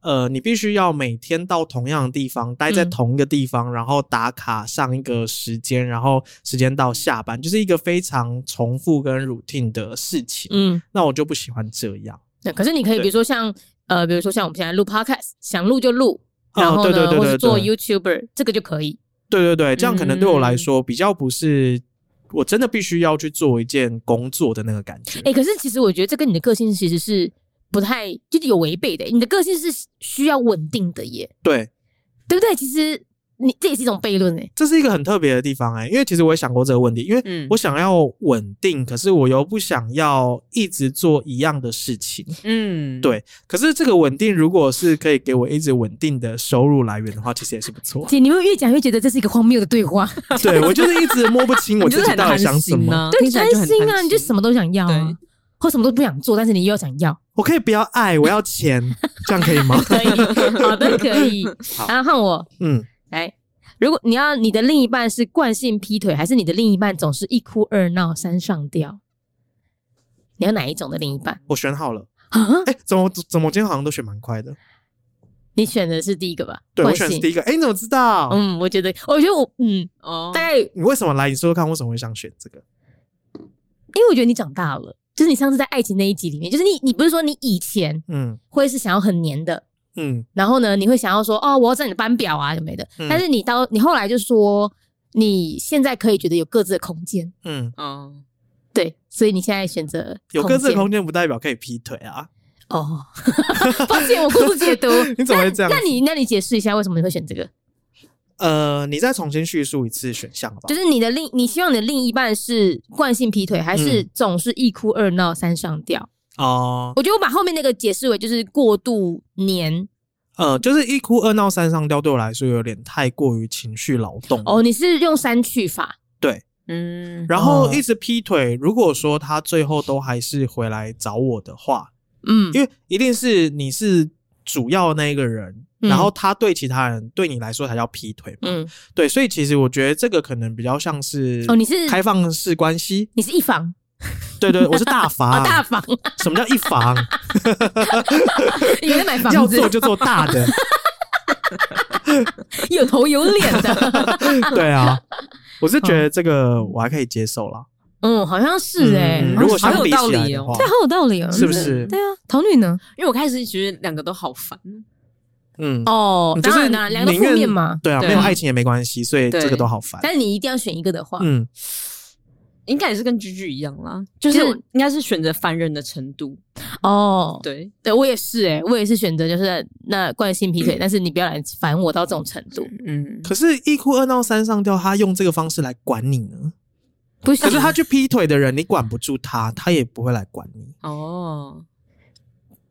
呃，你必須要每天到同樣的地方，待在同一個地方，嗯、然後打卡上一個時間，然後時間到下班，就是一個非常重複跟 routine 的事情。嗯，那我就不喜歡這樣。對，可是你可以，比如說像呃，比如說像我們現在錄 podcast，想錄就錄，然後呢，哦、對對對對對對，或者做 YouTuber，這個就可以。對對對，這樣可能對我來說比較不是，我真的必須要去做一件工作的那個感覺。哎、嗯欸，可是其實我覺得這跟你的個性其實是不太，就是有違背的。你的個性是需要穩定的耶，對，對不對？其實。你這也是一種悖論誒、欸，這是一個很特別的地方誒、欸。因為其實我也想過這個問題，因為我想要穩定、嗯，可是我又不想要一直做一樣的事情。嗯，對。可是這個穩定，如果是可以給我一直穩定的收入來源的話，其實也是不錯。姐，你們越講越覺得這是一個荒謬的對話。對，我就是一直摸不清我自己到底想什麼。你安啊？、對，貪心啊、嗯，你就什麼都想要啊，或什麼都不想做，但是你又要想要。我可以不要愛，我要錢， [laughs] 這樣可以嗎？可以， [laughs] 好的， [laughs] 可以。換我。嗯。如果你要你的另一半是慣性劈腿，還是你的另一半總是一哭二鬧三上吊？你要哪一種的另一半？我選好了。啊？哎、欸，怎麼怎麼我今天好像都選蠻快的。你選的是第一個吧？對，我選的是第一個。哎、欸，你怎麼知道？嗯，我覺得，我覺得我，嗯，哦，大概你為什麼來？你說說看，為什麼會想選這個？因為我覺得你長大了，就是你上次在愛情那一集裡面，就是你，你不是說你以前嗯會是想要很黏的。嗯嗯，然後呢？你會想要說，哦，我要在你的班表啊，什麼的、嗯。但是你到你後來就說，你現在可以覺得有各自的空間，嗯，哦、嗯，對，所以你現在選擇有各自的空間，不代表可以劈腿啊。哦， [laughs] 抱歉，我過度解讀。 [laughs] 你怎麼會這樣那？那你那你解釋一下，為什麼你會選這個？呃，你再重新敘述一次選項吧。就是你的另，你希望你的另一半是慣性劈腿，還是總是一哭二鬧三上吊？嗯哦、呃，我覺得我把後面那個解釋為就是過度黏，呃，就是一哭二鬧三上吊，對我來說有點太過於情緒勞動。哦，你是用刪去法，對，嗯，然後一直劈腿。哦，如果說他最後都還是回來找我的話，嗯，因為一定是你是主要的那一個人，嗯，然後他對其他人對你來說才叫劈腿，嗯，對，所以其實我覺得這個可能比較像是，哦，你是開放式關係，你是一方。 [laughs] 對，對對，我是大房，啊，大房， [laughs] 什麼叫一房？你 [laughs] 要買房子 [laughs] 要做就做大的， [laughs] 有頭有臉的。 [laughs] [laughs] 對啊，我是覺得這個我還可以接受了。嗯，好像是哎，欸嗯，如果是比較理智的話，這好有道理哦，是不是？對啊，醜女呢？因為我開始覺得兩個都好煩。嗯、哦，就是兩個負面嘛。 [laughs] 對啊，沒有愛情也沒關係，所以這個都好煩。但是你一定要選一個的話，嗯。應該也是跟居居一樣啦，就是應該是選擇煩人的程度哦。對，對我也是哎、欸，我也是選擇就是那慣性劈腿、嗯，但是你不要來煩我到這種程度。嗯，可是，一哭二鬧三上吊，他用這個方式來管你呢？不行，可是他去劈腿的人，你管不住他，他也不會來管你。哦，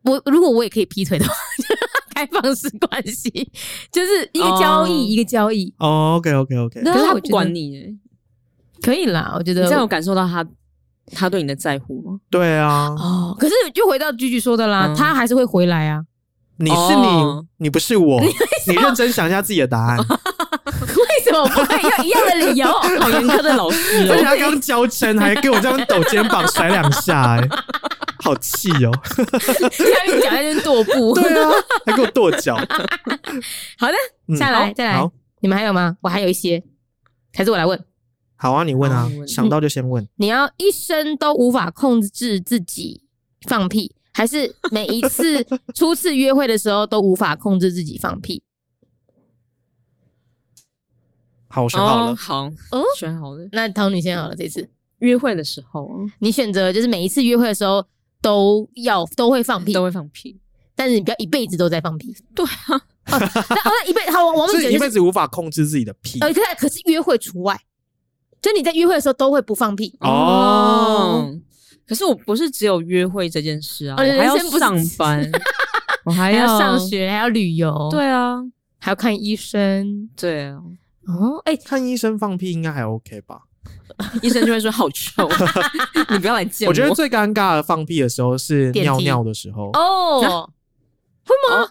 我如果我也可以劈腿的話， [laughs] 開放式關係就是一個交易，哦、一個交易。哦、OK OK OK，那他不管你、欸。可以啦，我覺得我你有感受到他，他對你的在乎嗎？對啊，哦，可是又回到句句說的啦、嗯，他還是會回來啊。你是你，哦、你不是我，你，你認真想一下自己的答案。 [laughs] 為什麼我不會用一樣的理由？ [laughs] 好嚴苛的老師、喔，而且他剛交陳還給我這樣抖肩膀甩兩下、欸，哎 [laughs] 氣、喔，好氣哦！還用腳在那跺步，對啊，還給我跺腳。 [laughs] 好的，嗯、下來，再來再來，你們還有嗎？我還有一些，還是我來問。好啊，你問啊，想到就先問、嗯。你要一生都無法控制自己放屁，還是每一次初次約會的時候都無法控制自己放屁？ [laughs] 好，我選好了。哦、好，嗯，選好了。哦、那唐女先好了。嗯、這次約會的時候、啊，你選擇就是每一次約會的時候都要都會放屁，都會放屁。但是你不要一輩子都在放屁。對啊， [laughs] 哦、那、哦、那一輩子，好我我、就是、一輩子無法控制自己的屁。哦、可是約會除外。就你在約會的時候都會不放屁哦，哦，可是我不是只有約會這件事啊、呃，我還要上班， [laughs] 我還要，還要上學，還要旅遊，對啊，還要看醫生，對啊，哦，哎、欸，看醫生放屁應該還 OK 吧？ [laughs] 醫生就會說好臭， [laughs] 你不要來見我。我覺得最尷尬的放屁的時候是尿尿的時候哦、啊，會嗎？哦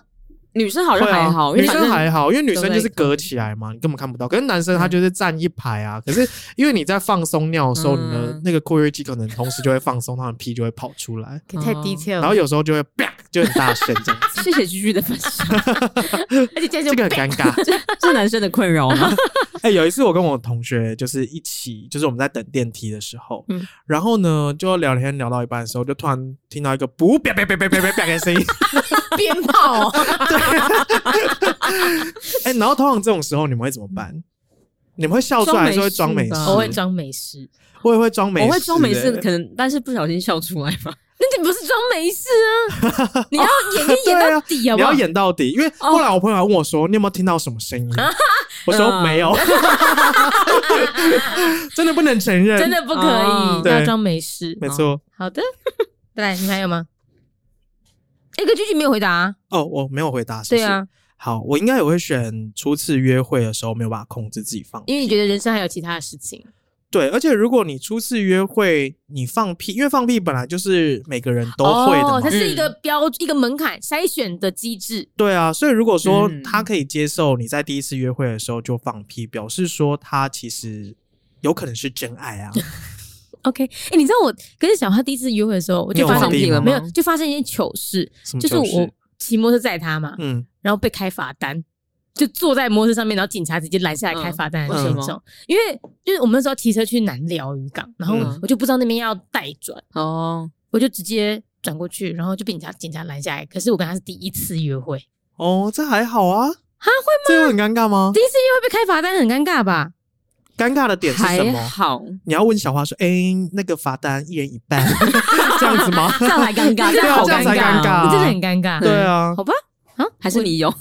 女生好像還好，對啊，女生還好，女生還好，因為女生就是隔起來嘛，你根本看不到。可是男生他就是站一排啊，嗯、可是因為你在放鬆尿的時候，嗯、你的那個括約肌可能同時就會放鬆，嗯、他的屁就會跑出來，可太低了，然後有時候就會。啪就很大聲 [laughs] [laughs] [laughs] 很， [laughs] 這樣謝謝居居的分析，而且這就很尷尬，這是男生的困擾。哎、 [laughs] 欸，有一次我跟我同學就是一起，就是我們在等電梯的時候，嗯、然後呢就聊天聊到一半的時候，就突然聽到一個不，別別別別別別別的聲音，鞭 [laughs] 炮炮、喔！哎 [laughs] 對笑、欸，然後通常這種時候你們會怎麼辦？嗯、你們會笑出來就會裝美食，我會裝美食，我也會裝美，我會裝美食，可能但是不小心笑出來嘛。那你不是裝沒事啊？ [laughs] 你要演一、哦、演到底好好、啊，你要演到底，因為後來我朋友還問我說：“哦、你有沒有聽到什麼聲音？” [laughs] 我說：“沒有。 [laughs] ” [laughs] 真的不能承認，真的不可以，哦、要裝沒事。沒錯、哦，好的，再來，你還有嗎？哎、 [laughs] 欸，個句句沒有回答、啊。哦，我沒有回答。是是對啊，好，我應該也會選初次約會的時候沒有辦法控制自己放，因為你覺得人生還有其他的事情。對，而且如果你初次約會，你放屁，因為放屁本來就是每個人都會的哦，它是一個標、嗯、一個門檻篩選的機制。對啊，所以如果說他可以接受你在第一次約會的時候就放屁，嗯、表示說他其實有可能是真愛啊。 [laughs] OK，哎、欸，你知道我跟小花第一次約會的時候，我就放屁了，沒有就發生一些糗事，糗事，就是我騎摩托車載他嘛，嗯，然後被開罰單。就坐在摩托車上面，然後警察直接攔下來開罰單的那種。因為就是我們那時候騎車去南寮漁港，然後我就不知道那邊要待轉哦、嗯，我就直接轉過去，然後就被警察警察攔下來。可是我跟他是第一次約會哦，這還好啊，啊會嗎？這又很尷尬嗎？第一次約會被開罰單很尷尬吧？尷尬的點是什麼？還好，你要問小花說：“哎、欸，那個罰單一人一半， [laughs] [laughs] 這樣子嗎 [laughs] 尷尬這尷尬、啊？這樣才尷尬、啊，這樣才尷尬，真的很尷尬。”對啊，好吧，啊，還是你有。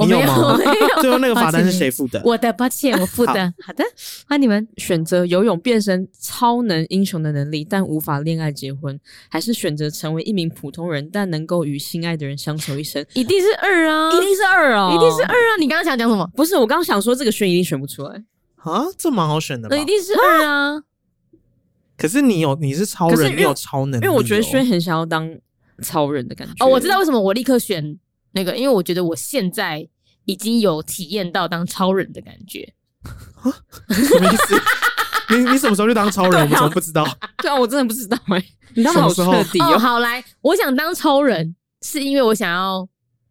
我沒有你有嗎。沒有。最後那個罰單是誰付的？我的抱歉，我付的 [laughs] 好。好的，那你們選擇游泳變身超能英雄的能力，但無法戀愛結婚，還是選擇成為一名普通人，但能夠與心愛的人相守一生？一定是二啊！一定是二啊、哦！一定是二啊！你剛剛想講什麼？ [laughs] 不是，我剛剛想說這個軒一定選不出來啊！這蠻好選的吧？那一定是二啊！可是你有，你是超人，你有超能力、哦，因為我覺得軒很想要當超人的感覺。哦，我知道為什麼，我立刻選。那個，因為我覺得我現在已經有體驗到當超人的感覺。什麼意思？ [laughs] 你你什麼時候就當超人？我、啊、怎麼不知道？對啊，我真的不知道哎、欸。你什麼時候、 [laughs] 哦？好來，我想當超人，是因為我想要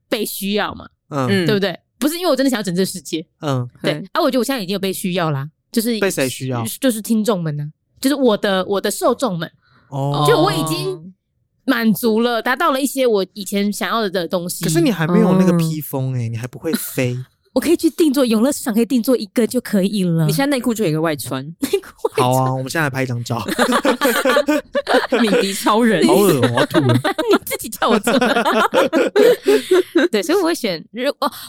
被需要嘛？嗯，對不對？不是因為我真的想要拯救世界。嗯對，對。啊，我覺得我現在已經有被需要啦、啊，就是被誰需要？就是聽眾們呢、啊？就是我的我的受眾們。哦，就我已經。滿足了，達到了一些我以前想要的東西。可是你還沒有那個披風哎、欸，嗯，你還不會飛。 [laughs] 我可以去定做永樂市場，可以定做一個就可以了。你現在內褲就有一個外穿，內褲外穿。好啊！我們現在來拍一張照。米 [laughs] 迪 [laughs] 超人，超人， [laughs] 你自己叫我做。 [laughs] 對，所以我會選。如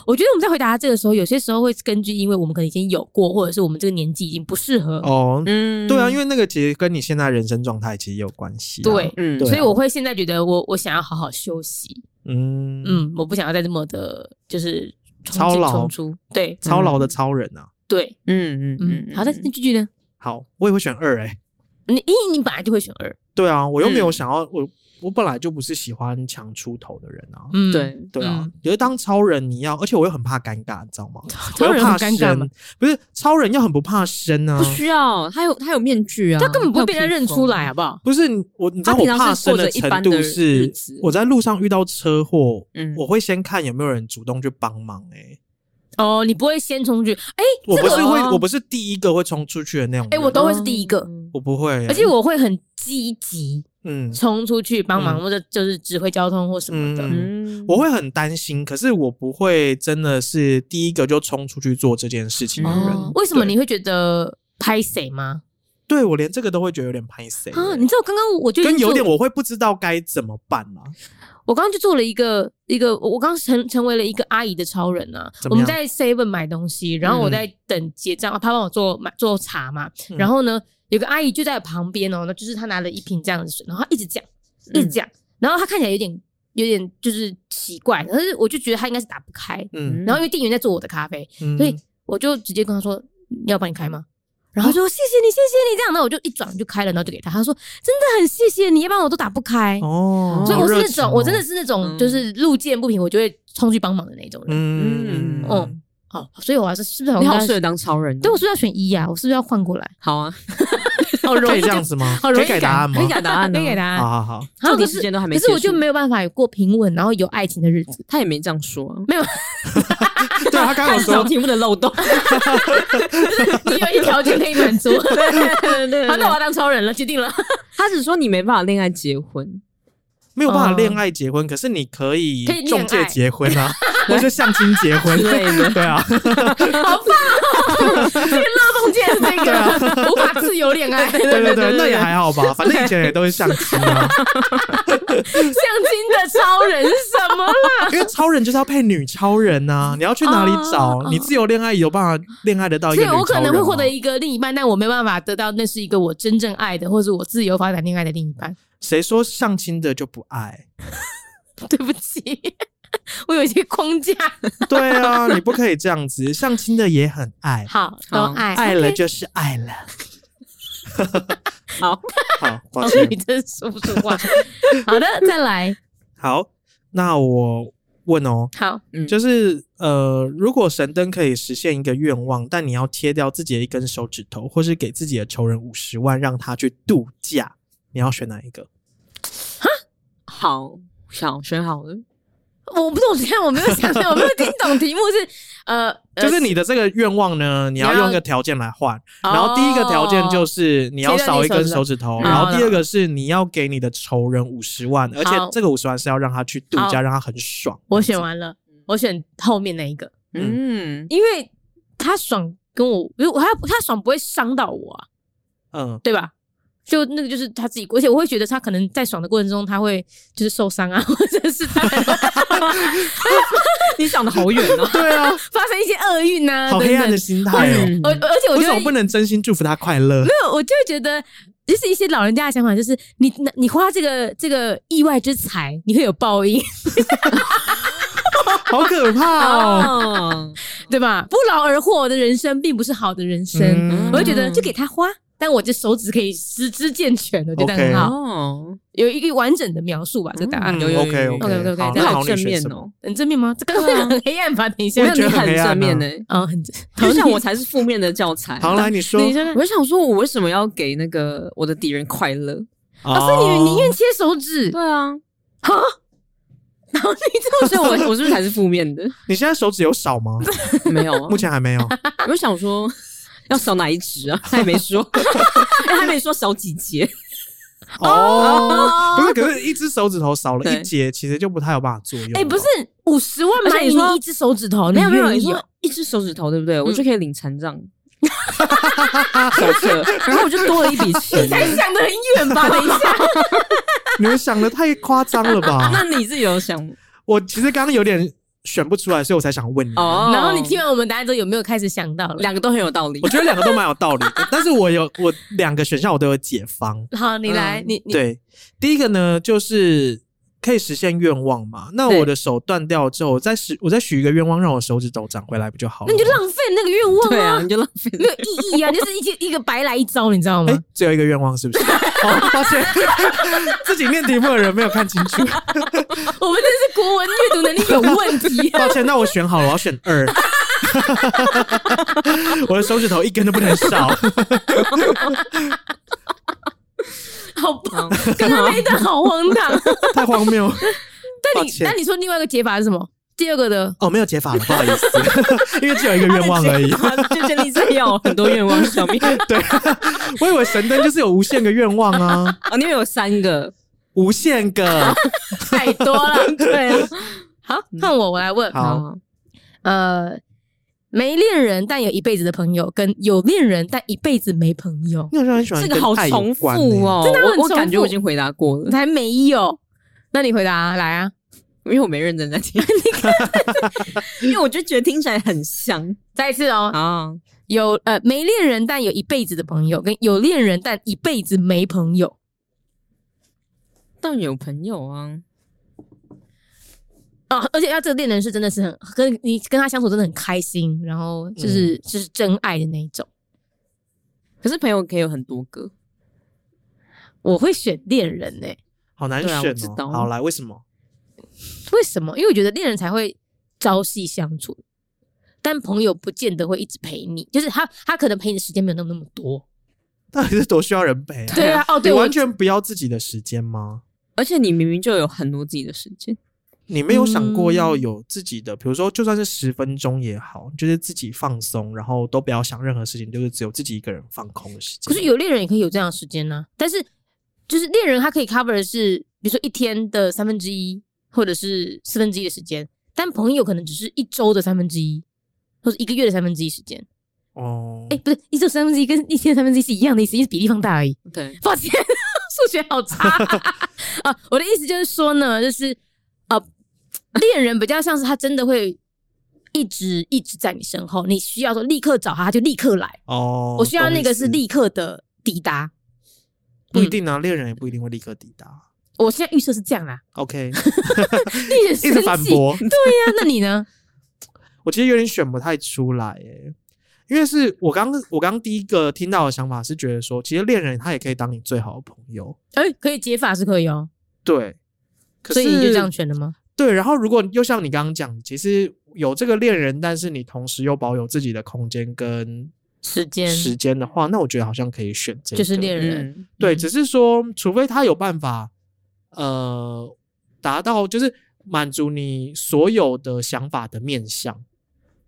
我覺得我們在回答這個時候，有些時候會根據，因為我們可能已經有過，或者是我們這個年紀已經不適合哦。嗯，對啊、嗯，因為那個其實跟你現在的人生狀態其實也有關係、啊。對，嗯對、啊，所以我會現在覺得我我想要好好休息。嗯嗯，我不想要再這麼的，就是。超老對，超老的超人吶，對，嗯、啊、對嗯嗯，嗯，嗯，好的那句句呢？好，我也會選二哎、欸，你，咦，你本來就會選二，對啊，我又沒有想要、嗯、我。我本來就不是喜歡強出頭的人啊，對、嗯、對啊，覺、嗯、得當超人你要，而且我又很怕尷尬，你知道嗎？超人不怕生。不是，超人要很不怕生啊。不需要，他有他有面具啊，他根本不會被人認出來，好不好？不是，我你知道我怕生的程度是，我在路上遇到車禍，嗯，我會先看有沒有人主動去幫忙、欸，誒哦，你不會先衝出去，誒、欸，我不是會、這個哦，我不是第一個會衝出去的那種，誒、欸，我都會是第一個，嗯、我不會、啊，而且我會很積極。嗯，衝出去幫忙、嗯、或者就是指揮交通或什麼的，嗯、我會很擔心。可是我不會真的是第一個就衝出去做這件事情的人。哦、為什麼你會覺得拍謝嗎？對，我連這個都會覺得有點拍謝啊，啊？你知道剛剛我就跟有點我會不知道該怎麼辦嗎？我剛剛就做了一個一個，我剛成成為了一個阿姨的超人啊！我們在 Seven 買東西，然後我在等結賬、嗯、啊，他幫我做做茶嘛、嗯，然後呢？有個阿姨就在旁邊哦、喔，那就是她拿了一瓶這樣的水，然後她一直講，一直講、嗯，然後她看起來有點有點就是奇怪，可是我就覺得她應該是打不開，嗯，然後因為店員在做我的咖啡，嗯、所以我就直接跟她說：“你、嗯、要幫你開嗎？”然後說、嗯：“謝謝你，謝謝你。”這樣，那我就一轉就開了，然後就給她。她說：“真的很謝謝你，一般我都打不開哦。”所以我是那種，哦、我真的是那種，就是路見不平，嗯、我就會衝去幫忙的那種人，嗯嗯嗯。嗯嗯好、哦、所以我還是是不是好適合當超人？對我是是、啊，我是不是要選一呀、啊，我是不是要換過來？好啊 [laughs] 、哦，可以這樣子嗎？可、哦、以改，改，改，改答案嗎？可以改答案，可以改答案。好好好，到底是，可是我就沒有辦法有過平穩然後有愛情的日子。哦、他也沒這樣說、啊，沒有。 [laughs] [laughs] 對他剛好說，題目的漏洞。你有一條件可以滿足，他把我要當超人了，決定了。他只說你沒辦法戀愛結婚，嗯、沒有辦法戀愛結婚，可是你可以中介結婚啊。 [laughs] 不是相親結婚的， [laughs] 對啊，好棒、喔！ [laughs] 這個樂動界是這、那個、啊，無法自由戀愛。 [laughs] 對，對，對對對，那也還好吧， [laughs] 反正以前也都是相親啊。 [laughs] 相親的超人是什麼啦？因為超人就是要配女超人啊！你要去哪裡找？啊啊、你自由戀愛有辦法戀愛得到、啊？所以我可能會獲得一個另一半，但我沒辦法得到那是一個我真正愛的，或是我自由發展戀愛的另一半。誰說相親的就不愛？ [laughs] 對不起。我有一些框架。對啊， [laughs] 你不可以這樣子。相親的也很愛好，都愛、哦，愛了就是愛了。好、okay. [laughs] [laughs] 好，抱歉， [laughs] 你真說不出話。 [laughs] 好的，再來。好，那我問哦、喔。好，嗯，就是呃，如果神燈可以實現一個願望，但你要切掉自己的一根手指頭，或是給自己的仇人五十萬讓他去度假，你要選哪一個？哈， [laughs] 好想選好的。我不懂這樣，我沒有想象， [laughs] 我沒有聽懂。題目是呃，就是你的這個願望呢你，你要用一個條件來換、哦。然後第一個條件就是你要少一根手指頭,手指頭、嗯，然後第二個是你要給你的仇人五十萬,、嗯嗯50萬，而且這個五十萬是要讓他去度假，讓他很爽。我選完了，我選後面那一個。嗯，因為他爽跟我，如果他他爽不會傷到我、啊，嗯，對吧？就那個就是他自己，而且我會覺得他可能在爽的過程中，他會就是受傷啊，或者是， [laughs] [laughs] 你想的好遠、啊，對啊， [laughs] 發生一些厄運啊，好黑暗的心態哦、嗯。而且我覺得我不能真心祝福他快樂。沒有，我就覺得就是一些老人家的想法，就是你你花這個這個意外之財，你會有報應， [laughs] [laughs] 好可怕哦，oh. 對吧？不勞而獲的人生並不是好的人生。嗯、我就覺得就給他花。但我這手指可以十指健全，的，就得很好、okay, 哦，有一個完整的描述吧。嗯、這個、答案有有，有，有，OK OK OK，okay, okay 好，這好正面哦，很正面嗎？這個剛、啊、 [laughs] 很黑暗吧？你現在很、啊、很正面呢、欸，啊、哦，很正，我 [laughs] 想我才是負面的教材。好、啊、來你，你說你，我想說，我為什麼要給那個我的敵人快樂？老、啊、師、啊，你寧願切手指？對啊，啊，然後你怎麼說我？我是不是才是負面的？你現在手指有少嗎？沒有，啊。目前還沒有。 [laughs] 我想說。要少哪一隻啊？他也沒說， [laughs] 他還沒說少幾節 [laughs] 、哦。哦，不是，可是，一隻手指頭少了一節，其實就不太有辦法作用。哎、欸，不是五十萬嗎？你說一隻手指頭你，你沒有沒有？你說一隻手指頭，對不對、嗯？我就可以領殘障手冊 [laughs] 然後我就多了一筆錢。 [laughs] 你才想得很遠吧？等一下 [laughs] 你們想得太誇張了吧？ [laughs] 那你自己有想？ [laughs] 我其實剛剛有點。選不出來，所以我才想問你。哦，然後你聽完我們答案之後，有沒有開始想到？兩個都很有道理。我覺得兩個都蠻有道理， [laughs] 但是我有我兩個選項，我都有解方。好，你來，嗯、你你，對第一個呢，就是。可以實現願望嘛？那我的手斷掉之後，我再許我再許一個願望，讓我手指頭長回來不就好了？了？那你就浪費那個願望啊，對啊，你就浪費，沒有意義啊！就是一一個白來一遭，你知道嗎？只、欸、有一個願望，是不是？ [laughs] 哦、抱歉， [laughs] 自己念題目的人沒有看清楚。 [laughs] [laughs] 我們真是國文閱讀能力有問題、啊。抱歉，那我選好了，我要選二。 [laughs] [laughs] [laughs] 我的手指頭一根都不能少。 [laughs] [laughs] 好棒，剛剛那一段好荒唐， [laughs] 太荒謬。但你，但你說另外一個解法是什麼？第二個的哦，沒有解法了，不好意思， [laughs] 因為只有一個願望而已。就建立在要很多願望上面 [laughs] 對，我以為神燈就是有無限個願望啊。哦，你有三個，無限個， [laughs] 太多了。對啊，好，那我，我來問。呃。沒戀人但有一輩子的朋友，跟有戀人但一輩子沒朋友。你好像很喜歡這個，好重複哦、喔欸。我感覺我已經回答過了，還沒有，那你回答啊！來啊？因為我沒認真在聽 [laughs] 你看， [laughs] 因為我就覺得聽起來很像。再一次、喔、哦，啊，有呃，沒戀人但有一輩子的朋友，跟有戀人但一輩子沒朋友，但有朋友啊。啊、哦！而且他這個戀人是真的是很跟你跟他相處真的很開心，然後就是、嗯、就是真愛的那一種。可是朋友可以有很多個，我會選戀人呢、欸，好難選哦、啊知道。好來，為什麼？為什麼？因為我覺得戀人才會朝夕相處，但朋友不見得會一直陪你，就是他他可能陪你的時間沒有那麼那麼多。到底是多需要人陪、啊？對啊， [laughs] 哦對，我完全不要自己的時間嗎？而且你明明就有很多自己的時間。你沒有想過要有自己的，嗯、比如說，就算是十分鐘也好，就是自己放鬆，然後都不要想任何事情，就是只有自己一個人放空的時間。可是有戀人也可以有這樣的時間呢、啊？但是就是戀人他可以 cover 的是，比如說一天的三分之一，或者是四分之一的時間；但朋友可能只是一周的三分之一，或者一個月的三分之一時間。哦、嗯，哎、欸，不是一周三分之一跟一天三分之一是一樣的意思，因為比例放大而已。對、Okay，發現數學好差 [laughs] 啊！我的意思就是說呢，就是啊。呃 [laughs] 戀人比較像是他真的會一直一直在你身後，你需要說立刻找他，他就立刻來。哦，我需要那個是立刻的抵達。不一定啊、嗯，戀人也不一定會立刻抵達。我現在預設是這樣啦、啊、OK， [laughs] 生 [laughs] 一直反駁。對呀、啊，那你呢？ [laughs] 我其實有點選不太出來、欸，哎，因為是我剛我剛第一個聽到的想法是覺得說，其實戀人他也可以當你最好的朋友。哎、欸，可以解法是可以哦、喔。對，所以你就這樣選的嗎？對，然後如果又像你剛剛講，其實有這個戀人，但是你同時又保有自己的空間跟時間時間的話，那我覺得好像可以選擇、這個，就是戀人。對，嗯、只是說，除非他有辦法，呃，達到就是滿足你所有的想法的面向。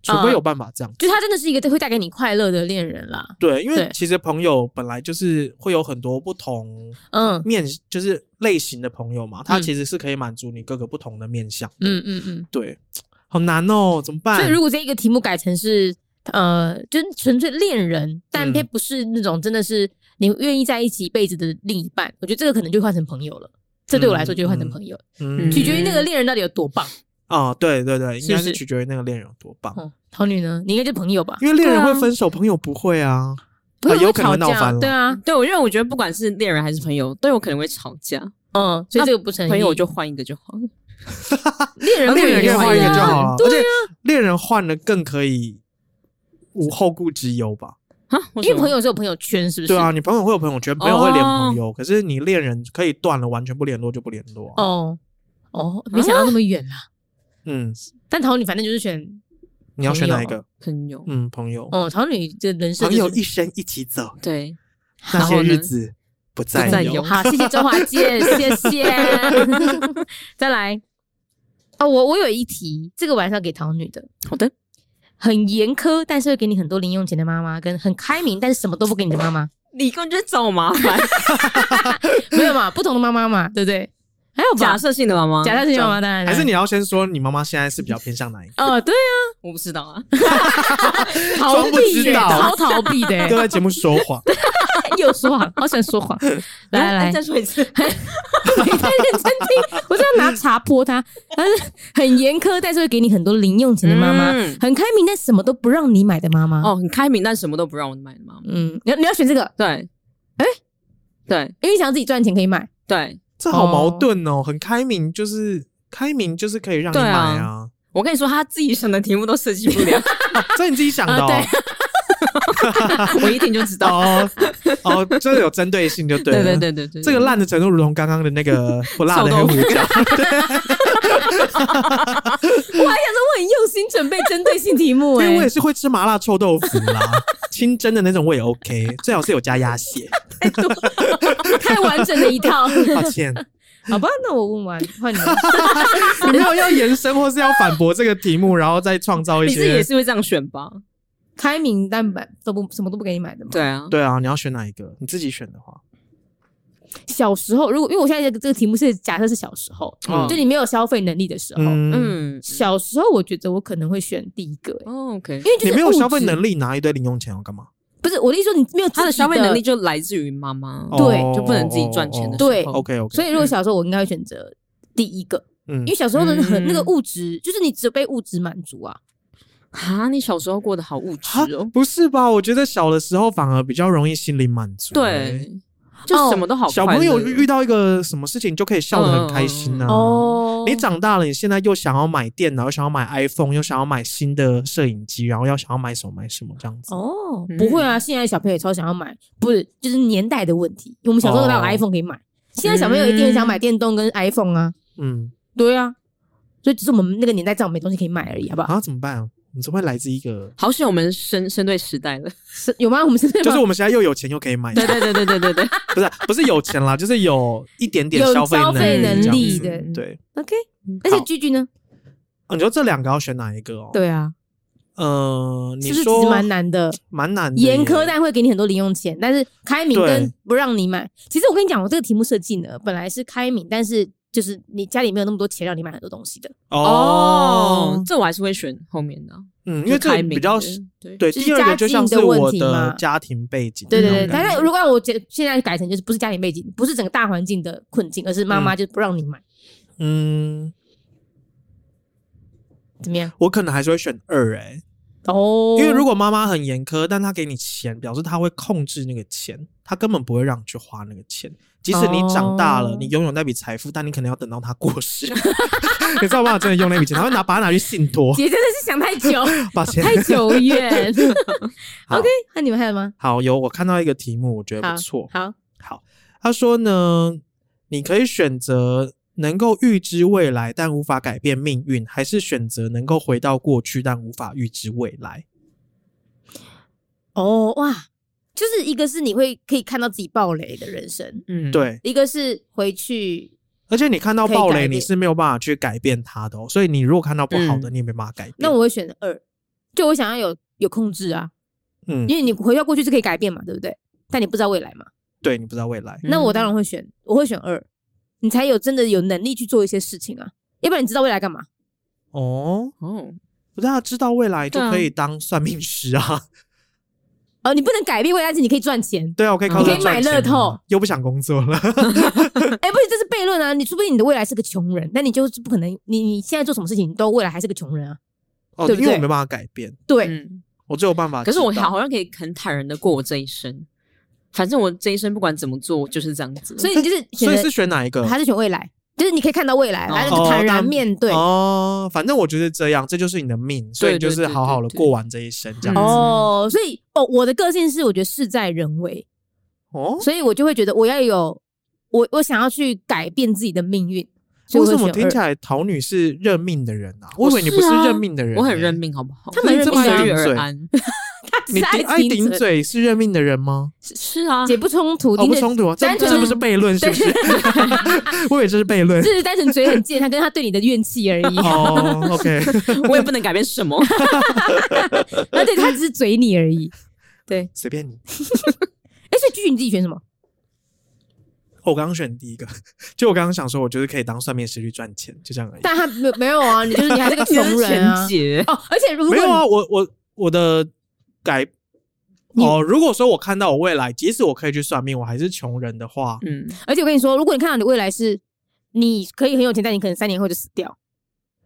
除非有辦法這樣子、嗯，就他真的是一個會帶給你快樂的戀人啦。對，因為其實朋友本來就是會有很多不同面嗯面，就是類型的朋友嘛，嗯、他其實是可以滿足你各個不同的面相。嗯嗯嗯，對，好難哦、喔，怎麼辦？所以如果這一個題目改成是呃，就純粹戀人，但並不是那種真的是你願意在一起一輩子的另一半、嗯，我覺得這個可能就換成朋友了、嗯。這對我來說就換成朋友，嗯，取決於那個戀人到底有多棒。哦，對對對，應該是取決於那個戀人是是有多棒。好女呢？你應該就朋友吧？因為戀人會分手，朋友不會啊，會啊，有可能會鬧翻了。對啊，對，因為我覺得不管是戀人還是朋友，都有可能會吵架。嗯、哦，所以這個不成、啊。朋友我就換一個就好了。 [laughs] [laughs] 戀人戀人換一個就好了。而且戀人換了更可以無後顧之憂吧？啊，因為朋友是有朋友圈，是不是？對啊，你朋友會有朋友圈，朋友會連朋友、哦。可是你戀人可以斷了，完全不聯絡就不聯絡、啊。哦哦，沒想到那麼遠啊。啊嗯，但桃女反正就是選，你要選哪一個？朋友，嗯，朋友，哦，桃女這人生、就是、朋友一生一起走，對，然後日子不再有。 [laughs] 好，謝謝周華健，謝謝， [laughs] 再來哦，我我有一題，這個晚上給桃女的，好的，很嚴苛，但是會給你很多零用錢的媽媽，跟很開明，但是什麼都不給你的媽媽， [laughs] 你根本就是找我麻煩。 [laughs] [laughs] 沒有嘛，不同的媽媽嘛，對不對？還有假設性的媽媽，假設性的媽媽，還是你要先說你媽媽現在是比較偏向哪一個哦、呃，對啊， [laughs] 我不知道啊，哈， [laughs] 哈，哈，哈，哈，超不知道，逃避的，都在節目說謊，哈，哈，哈，有說謊，好想說謊，來來來、呃，再說一次，在認真聽，我就要拿茶潑他，但是很嚴苛，但是會給你很多零用錢的媽媽、嗯，很開明但什麼都不讓你買的媽媽，哦，很開明但什麼都不讓我買的媽媽，嗯，你要你要選這個，對，哎、欸，對，因為想要自己賺錢可以買，對。這好矛盾哦，哦很開明，就是開明，就是可以讓你買啊，啊！我跟你說，他自己選的題目都設計不了，這、 [laughs] 啊、你自己想的。哦。啊、 [laughs] [laughs] [laughs] 我一聽就知道， [laughs] 哦，這、哦、這有針對性，就對了，對，對，對，對，對，這個爛的程度，如同剛剛的那個 [laughs] 不辣的胡椒。對。 [laughs] 我還想說，我很用心準備針對性題目哎、欸，因為我也是會吃麻辣臭豆腐啦， [laughs] 清蒸的那種我也 OK，最好是有加鴨血 [laughs] 太，太完整的一套，抱歉，好吧，那我問完換你， [laughs] [laughs] 你沒有要延伸或是要反駁這個題目，然後再創造一些，你自己也是會這樣選吧？開明蛋白都不什麼都不給你買的嗎？對啊，對啊，你要選哪一個？你自己選的話。小時候，如果因為我現在這個題目是假設是小時候、嗯嗯，就你沒有消費能力的時候，嗯，小時候我覺得我可能會選第一個、欸嗯 okay、因為你沒有消費能力，拿一堆零用錢要幹嘛？不是我的意思說你沒有，他的消費能力就來自於媽媽，對，就不能自己賺錢的時候，哦哦哦、okay, okay, 對，OK，OK。所以如果小時候我應該會選擇第一個，嗯，因為小時候的很、那個嗯、那個物質，就是你只有被物質滿足啊，啊、嗯，你小時候過得好物質哦、喔？不是吧？我覺得小的時候反而比較容易心理滿足、欸，對。就什麼都好、哦，小朋友遇到一個什麼事情就可以笑得很開心、啊嗯嗯、哦，你長大了，你現在又想要買電腦，又想要買 iPhone，又想要買新的攝影機，然後要想要買什麼買什麼這樣子？哦，不會啊，現在小朋友也超想要買，不是就是年代的問題。我們小時候沒有 iPhone 可以買、哦，現在小朋友一定很想買電動跟 iPhone 啊。嗯，對啊，所以只是我們那個年代正好沒東西可以買而已，好不好？好、啊、怎麼辦啊？你只會來自一個，好是我們生生對時代了，有嗎？我們現在就是我們現在又有錢又可以買， [laughs] 對對對對對對 [laughs] 不是不是有錢啦，就是有一點點消費消費能力的，嗯、對，OK，而且句句呢、啊？你說這兩個要選哪一個哦、喔？對啊，呃，是不是蠻難的，蠻難的，嚴苛但會給你很多零用錢，但是開明跟不讓你買。其實我跟你講，我這個題目設計呢，本來是開明，但是。就是你家裡沒有那麼多錢讓你買很多東西的哦，哦，這我還是會選後面的，嗯，因為這比較對，對、就是、對第二個就像是我的家庭背景，對對對。但是如果讓我現在改成就是不是家庭背景，不是整個大環境的困境，嗯、而是媽媽就不讓你買嗯，嗯，怎麼樣？我可能還是會選二哎、欸。哦、oh.，因為如果媽媽很嚴苛，但她給你錢，表示她會控制那個錢，她根本不會讓你去花那個錢。即使你長大了，oh. 你擁有那筆財富，但你可能要等到她過世，你 [laughs] [laughs] 知道爸真的用那筆錢，他 [laughs] 會拿把它拿去信託。姐真的是想太久， [laughs] 把錢太久遠。 [laughs] OK，還 [laughs] 有你們還有嗎？好，有。我看到一個題目，我覺得不錯。好，好。好他說呢，你可以選擇。能夠預知未來但無法改變命運，還是選擇能夠回到過去但無法預知未來？哦，哇，就是一個是你會可以看到自己暴雷的人生，嗯，對，一個是回去，而且你看到暴雷你是沒有辦法去改變它的喔，所以你如果看到不好的，你也沒辦法改變，嗯。那我會選擇二，就我想要有有控制啊，嗯，因為你回到過去是可以改變嘛，對不對？但你不知道未來嘛，對你不知道未來，嗯，那我當然會選，我會選二。你才有真的有能力去做一些事情啊，要不然你知道未來幹嘛？哦哦不，我只要知道未來就可以當算命師啊！哦、啊 [laughs] 呃，你不能改變未來，但是你可以賺錢。對啊，我可以可以買樂透，嗯、又不想工作了、嗯。哎， [laughs] 不是，這是悖論啊！你說不定你的未來是個窮人，那你就不可能，你你現在做什麼事情，都未來還是個窮人啊？哦、對，對，因為我沒辦法改變。對，嗯、我只有辦法。可是我好像可以很坦然的過我這一生。反正我這一生不管怎麼做，就是這樣子。所以就是、欸，所以是選哪一個？還是選未來？就是你可以看到未來，還、哦、就坦然面對。哦，哦反正我覺得這樣，這就是你的命。所以你就是好好的過完這一生這樣子，對對對對對對對、嗯。哦，所以哦，我的個性是我覺得事在人為。哦，所以我就會覺得我要有我，我想要去改變自己的命運。為什麼聽起來桃女是認命的人啊？哦、我以為你不是認命的人、欸啊，我很認命，好不好？他們認命。而安。 [laughs] 他愛你愛頂嘴是認命的人嗎？是，是啊，姐不衝突，哦、不衝突啊。這純不是悖論，是不是，是，不是？ [laughs] [laughs] 我也是這是悖論。只是單純嘴很賤，他跟他對你的怨氣而已。哦、 [laughs] oh,，OK， [laughs] 我也不能改變什麼。那 [laughs] [laughs] [laughs] 對他只是嘴你而已。對，隨便你。哎、 [laughs] 欸，所以巨巨你自己選什麼？哦、我剛剛選第一個， [laughs] 就我剛剛想說，我覺得可以當算命師去賺錢，就這樣而已。 [laughs] [laughs] 但他沒沒有啊？你就是你還是個窮人姐 [laughs] 人、啊、 [laughs] 哦。而且如果沒有啊，我我我的。改哦、嗯，如果說我看到我未來，即使我可以去算命，我還是窮人的話，嗯，而且我跟你說，如果你看到你未來是你可以很有錢，但你可能三年後就死掉，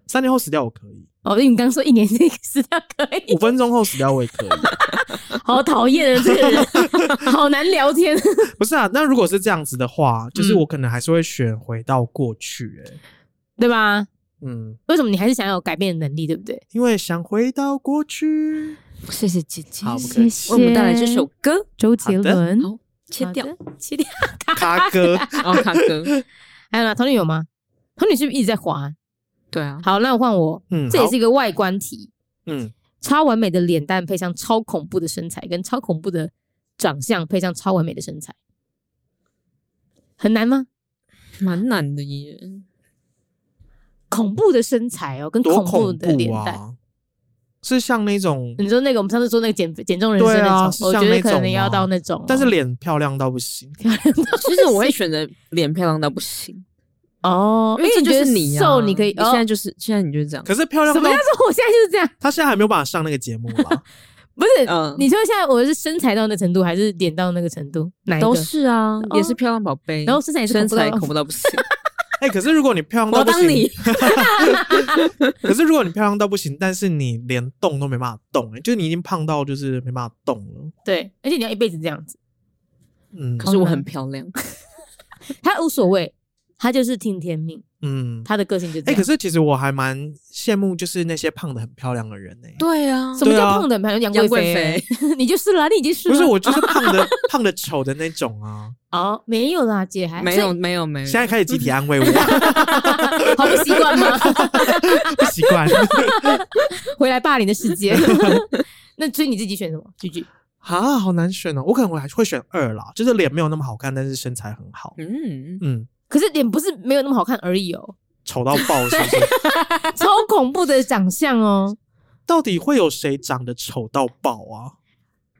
三年後死掉我可以，哦，因為你剛說一年內 [laughs] 死掉可以，五分鐘後死掉我也可以。 [laughs] 好討厭啊這個人， [laughs] [laughs] 好難聊天。 [laughs] 不是啊，那如果是這樣子的話，就是我可能還是會選回到過去、欸嗯，對吧？嗯，為什麼你還是想要有改變的能力，對不對？因為想回到過去。是是姐姐 okay，謝謝姐姐為我們帶來這首歌，周杰倫。切掉，切掉。卡哥，卡哥。哦、卡哥 [laughs] 還有呢，Tony 有嗎？Tony 是不是一直在滑？啊？對啊。好，那換我。嗯，這也是一個外觀題。嗯，超完美的臉蛋配上超恐怖的身材，跟超恐怖的長相配上超完美的身材，很難嗎？蠻難的耶。恐怖的身材哦，跟恐怖的臉蛋。是像那種，你說那個我們上次做那個減肥減重人生那種，對、啊那種啊，我覺得可能要到那種、哦。但是臉漂亮到不行，漂亮到。其實我會選擇臉漂亮到不行。哦， [laughs] 因為就是瘦你可以，哦、現在就是，就是、啊哦、現在你、就是、就是這樣。可是漂亮到什麼叫做我現在就是這樣？他現在還沒有辦法上那個節目嗎？ [laughs] 不是、嗯，你說現在我是身材到那程度，還是臉到那個程度？哪一個都是啊、哦，也是漂亮寶貝。然後身材不身材，恐怖到不行。 [laughs] 哎、欸，可是如果你漂亮到不行， [laughs] 可是如果你漂亮到不行，但是你連動都沒辦法動，欸，就是你已經胖到就是沒辦法動了。對，而且你要一輩子這樣子。嗯，可是我很漂亮， [laughs] 他無所謂，他就是聽天命。嗯，他的個性就是哎、欸，可是其實我還蠻羨慕，就是那些胖的很漂亮的人呢、欸。對啊，什麼叫胖的很漂亮？楊貴妃，菲菲 [laughs] 你就是啦，你就是。不是，我就是胖的 [laughs] 胖的醜的那種啊。哦，沒有啦，姐還，沒有沒有沒有。現在開始集體安慰我，好 [laughs] [laughs] [laughs] 不習慣嗎？不習慣。回來霸凌的世界。 [laughs] [laughs] [laughs] 那所以你自己選什麼？G G。啊，好難選哦。我可能我還是會選二啦，就是臉沒有那麼好看，但是身材很好。嗯嗯。可是臉不是沒有那麼好看而已哦，醜到爆是不是？ [laughs] 超恐怖的長相哦、喔！到底會有誰長得醜到爆啊？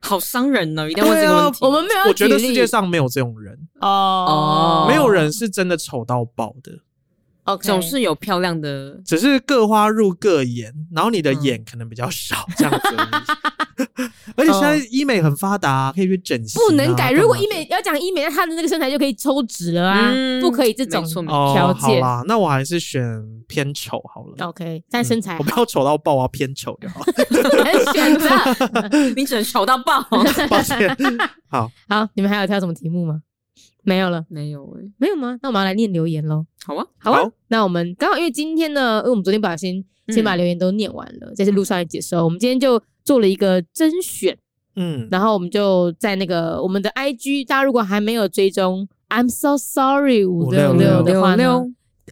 好傷人呢、喔，一定要問這個問題、啊。我們沒有，我覺得世界上沒有這種人哦，沒有人是真的醜到爆的。哦、okay，總是有漂亮的，只是各花入各眼，然後你的眼可能比較少這樣子。嗯、 [laughs] 而且現在醫美很發達、啊，可以去整形、啊，不能改。如果醫美要講醫美，那她的那個身材就可以抽脂了啊、嗯，不可以這種哦。好啦，那我還是選偏醜好了。OK，但身材、嗯、我不要醜到爆啊，偏醜就好。只 [laughs] 選擇擇， [laughs] 你只能醜到爆、啊。 [laughs] 抱歉，好好，你們還有挑什麼題目嗎？沒有了，沒有、欸，沒有嗎？那我們要來念留言嘍。好啊，好啊。好，那我們剛好，因為今天呢，因、嗯、為我們昨天不小心先把留言都念完了，這、嗯、次錄上來解說，我們今天就做了一個甄選。嗯，然後我們就在那個我們的 I G，大家如果還沒有追蹤 I'm so sorry 五六六的話呢，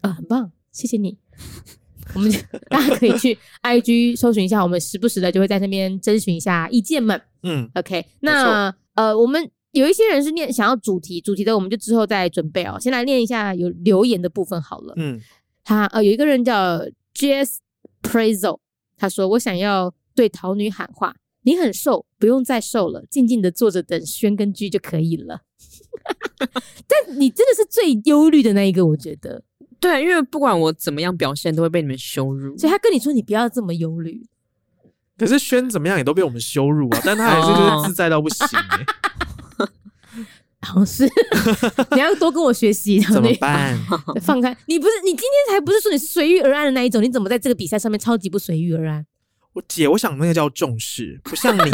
呃、啊，很棒，謝謝你。 [laughs] 我們就大家可以去 I G 搜尋一下，我們時不時的就會在那邊徵詢一下意見們。嗯，OK，那呃，我們。有一些人是念想要主題，主題的我們就之後再準備哦。先來念一下有留言的部分好了。嗯，他呃有一個人叫 J S Priso，他說我想要對桃女喊話，你很瘦，不用再瘦了，靜靜的坐着等宣跟居就可以了。 [laughs] [laughs] 但你真的是最憂慮的那一個，我覺得。 [laughs] 對，因為不管我怎麼樣表現，都會被你們羞辱。 [laughs] 所以他跟你說，你不要這麼憂慮。可是宣怎麼樣，也都被我們羞辱啊， [laughs] 但他還是，就是自在到不行、欸。 [laughs] 好像是。你要多跟我學習，怎麼辦？放開你不是你今天才不是說你是隨遇而安的那一種，你怎麼在這個比賽上面超級不隨遇而安？我姐，我想那個叫重視，不像你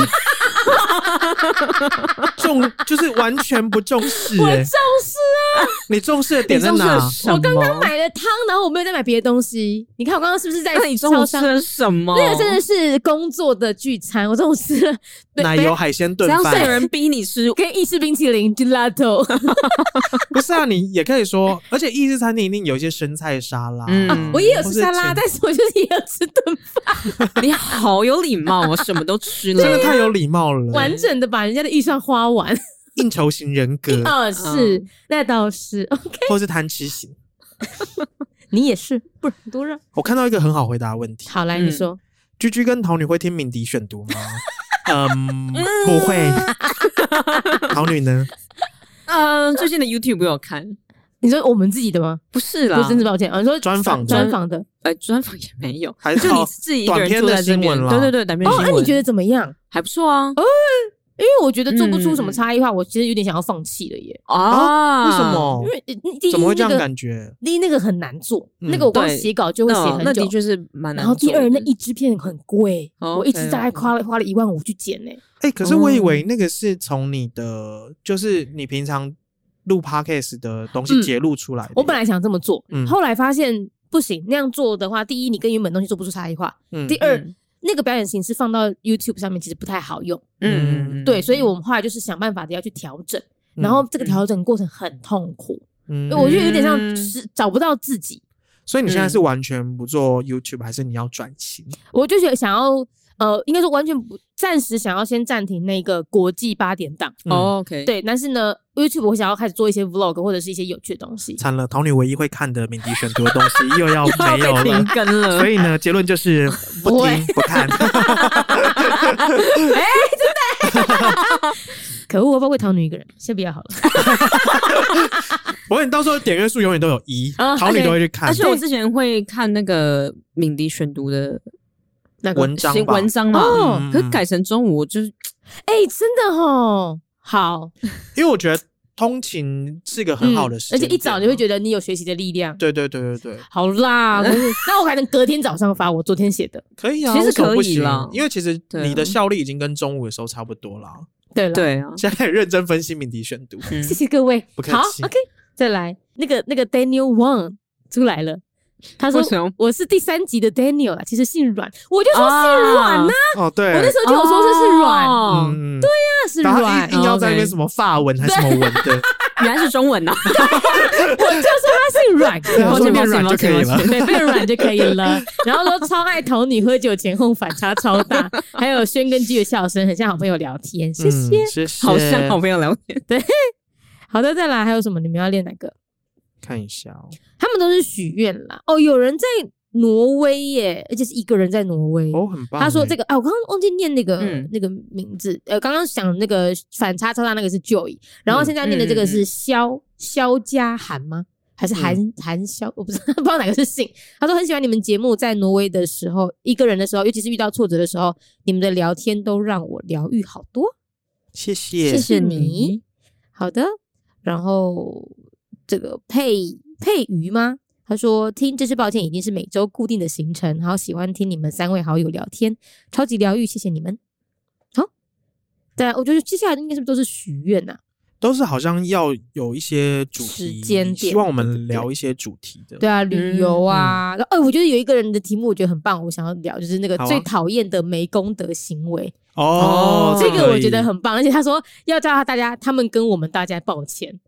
[laughs] 重就是完全不重視、欸，我重視。 [laughs] 你重視的點在哪？我剛剛買了湯，然後我沒有再買別的東西。你看我剛剛是不是在？那你重視什麼？那個真的是工作的聚餐。我重視奶油海鮮燉飯。假設有人逼你吃， [laughs] 跟意式冰淇淋 gelato。 [laughs] [laughs] 不是啊，你也可以說。而且意式餐廳一定有一些生菜沙拉。嗯，啊、我也有吃沙拉，但是我就是也有吃燉飯。 [laughs] 你好有禮貌，我什麼都吃了， [laughs] 真的太有禮貌了。 [laughs] 完整的把人家的預算花完。應酬型人格哦，是那倒是、嗯、OK，或是彈琴型， [laughs] 你也是，不然多熱。我看到一個很好回答的問題，好來，你說，G、嗯、G 跟桃女會聽敏迪選讀嗎？ [laughs] 嗯，不會。桃 [laughs] [laughs] 女呢？嗯，最近的 YouTube 沒有看。你說我們自己的嗎？不是啦，是啊就是、真是抱歉。我、啊、說專訪，專訪的，哎、啊，專訪也沒有，還是你自己一個人坐在這邊了，短篇的新聞啦。對對對，短篇新聞。哦，那、啊、你覺得怎麼樣？還不錯啊。哦因為我覺得做不出什麼差異化，嗯，我其實有點想要放棄了耶。啊，為什麼？因為第一，怎麼會這樣，感覺第一、那個、第一那個很難做，嗯、那個我剛剛寫稿就會寫很久，哦、那的確是蠻難。然後第二，那一支片很貴，哦、okay, 我一直在花花了一萬五去剪呢。哎、欸，可是我以為那個是從你的、嗯，就是你平常錄 Podcast 的東西截錄出來、嗯。我本來想這麼做，後來發現不行。那樣做的話，第一，你跟原本東西做不出差異化、嗯；，第二。嗯那個表演形式放到 YouTube 上面其實不太好用，嗯，嗯，對，所以我們後來就是想辦法的要去調整，嗯，然後這個調整過程很痛苦，嗯，我覺得有點像是找不到自己，嗯。所以你現在是完全不做 YouTube，嗯，還是你要轉型？我就想想要。呃，應該說完全不，暫時想要先暫停那個國際八點檔，嗯哦。OK，對，但是呢，YouTube 我會想要開始做一些 Vlog 或者是一些有趣的東西。慘了，桃女唯一會看的敏迪選讀的東西 [laughs] 又要沒有了， [laughs] 跟了，所以呢，結論就是不聽 [laughs] 不，會 [laughs] 不看。哎、 [laughs] 欸，真的，欸， [laughs] [laughs] 可惡，會不會桃女一個人先不要好了？ [laughs] [laughs] 我問你到時候點閱數永遠都有一，桃，啊 okay, 女都會去看。但是我之前會看那個敏迪選讀的。那個、文，章文章吧，哦，嗯、可改成中午，就是，哎、欸，真的吼，好，因為我覺得通勤是一個很好的事、嗯，而且一早你會覺得你有學習的力量，對對對對對，好啦，那， [laughs] 那我還能隔天早上發我昨天寫的，可以啊，其實可以了，因為其實你的效率已經跟中午的時候差不多了。對了啊對啊，現在認真分析命題選讀、嗯，謝謝各位，不客氣，好，OK，再來，那個那個 Daniel Wong 出來了。他說我是第三集的 Daniel 啦，其實姓阮，我就說姓阮吶、啊。哦，對，我那時候就說這是阮、嗯，對呀、啊，是阮。他硬要在那邊什麼法文還是什麼文？對對，原來是中文啊。我 [laughs] 對 [laughs] [laughs] 就說他姓阮、嗯，然後就變阮就可以了。對，變阮就可以了。 [laughs] 然後說超愛桃你喝酒前後反差超大。 [laughs] 還有軒跟基的笑聲很像好朋友聊天，謝謝，謝、嗯、謝，好像好朋友聊天。對，好的，再來還有什麼？你們要練哪個？看一下哦，他們都是許願啦。哦，有人在挪威耶，而且是一個人在挪威。哦，很棒。他說這個啊，我剛剛忘記念那個、嗯、那個名字。呃，剛剛想那個反差超大那個是 Joy，然後現在念的這個是肖肖、嗯、家涵嗎？還是韓韓肖？我不知道，不知道哪個是姓。他說很喜歡你們節目，在挪威的時候，一個人的時候，尤其是遇到挫折的時候，你們的聊天都讓我療癒好多。謝謝，謝謝你。好的，然後。這個配配魚嗎？他說聽，真是抱歉，已經是每周固定的行程。然後喜歡聽你們三位好友聊天，超級療癒，謝謝你們。好、哦，對啊，我覺得接下來應該是不是都是許願啊？都是好像要有一些主題，時間希望我們聊一些主題的。對啊，嗯、旅遊啊，哎、嗯欸，我覺得有一個人的題目我覺得很棒，我想要聊就是那個最討厭的沒公德行為。啊、哦，哦，這個我覺得很棒，而且他說要叫大家，他們跟我們大家抱歉。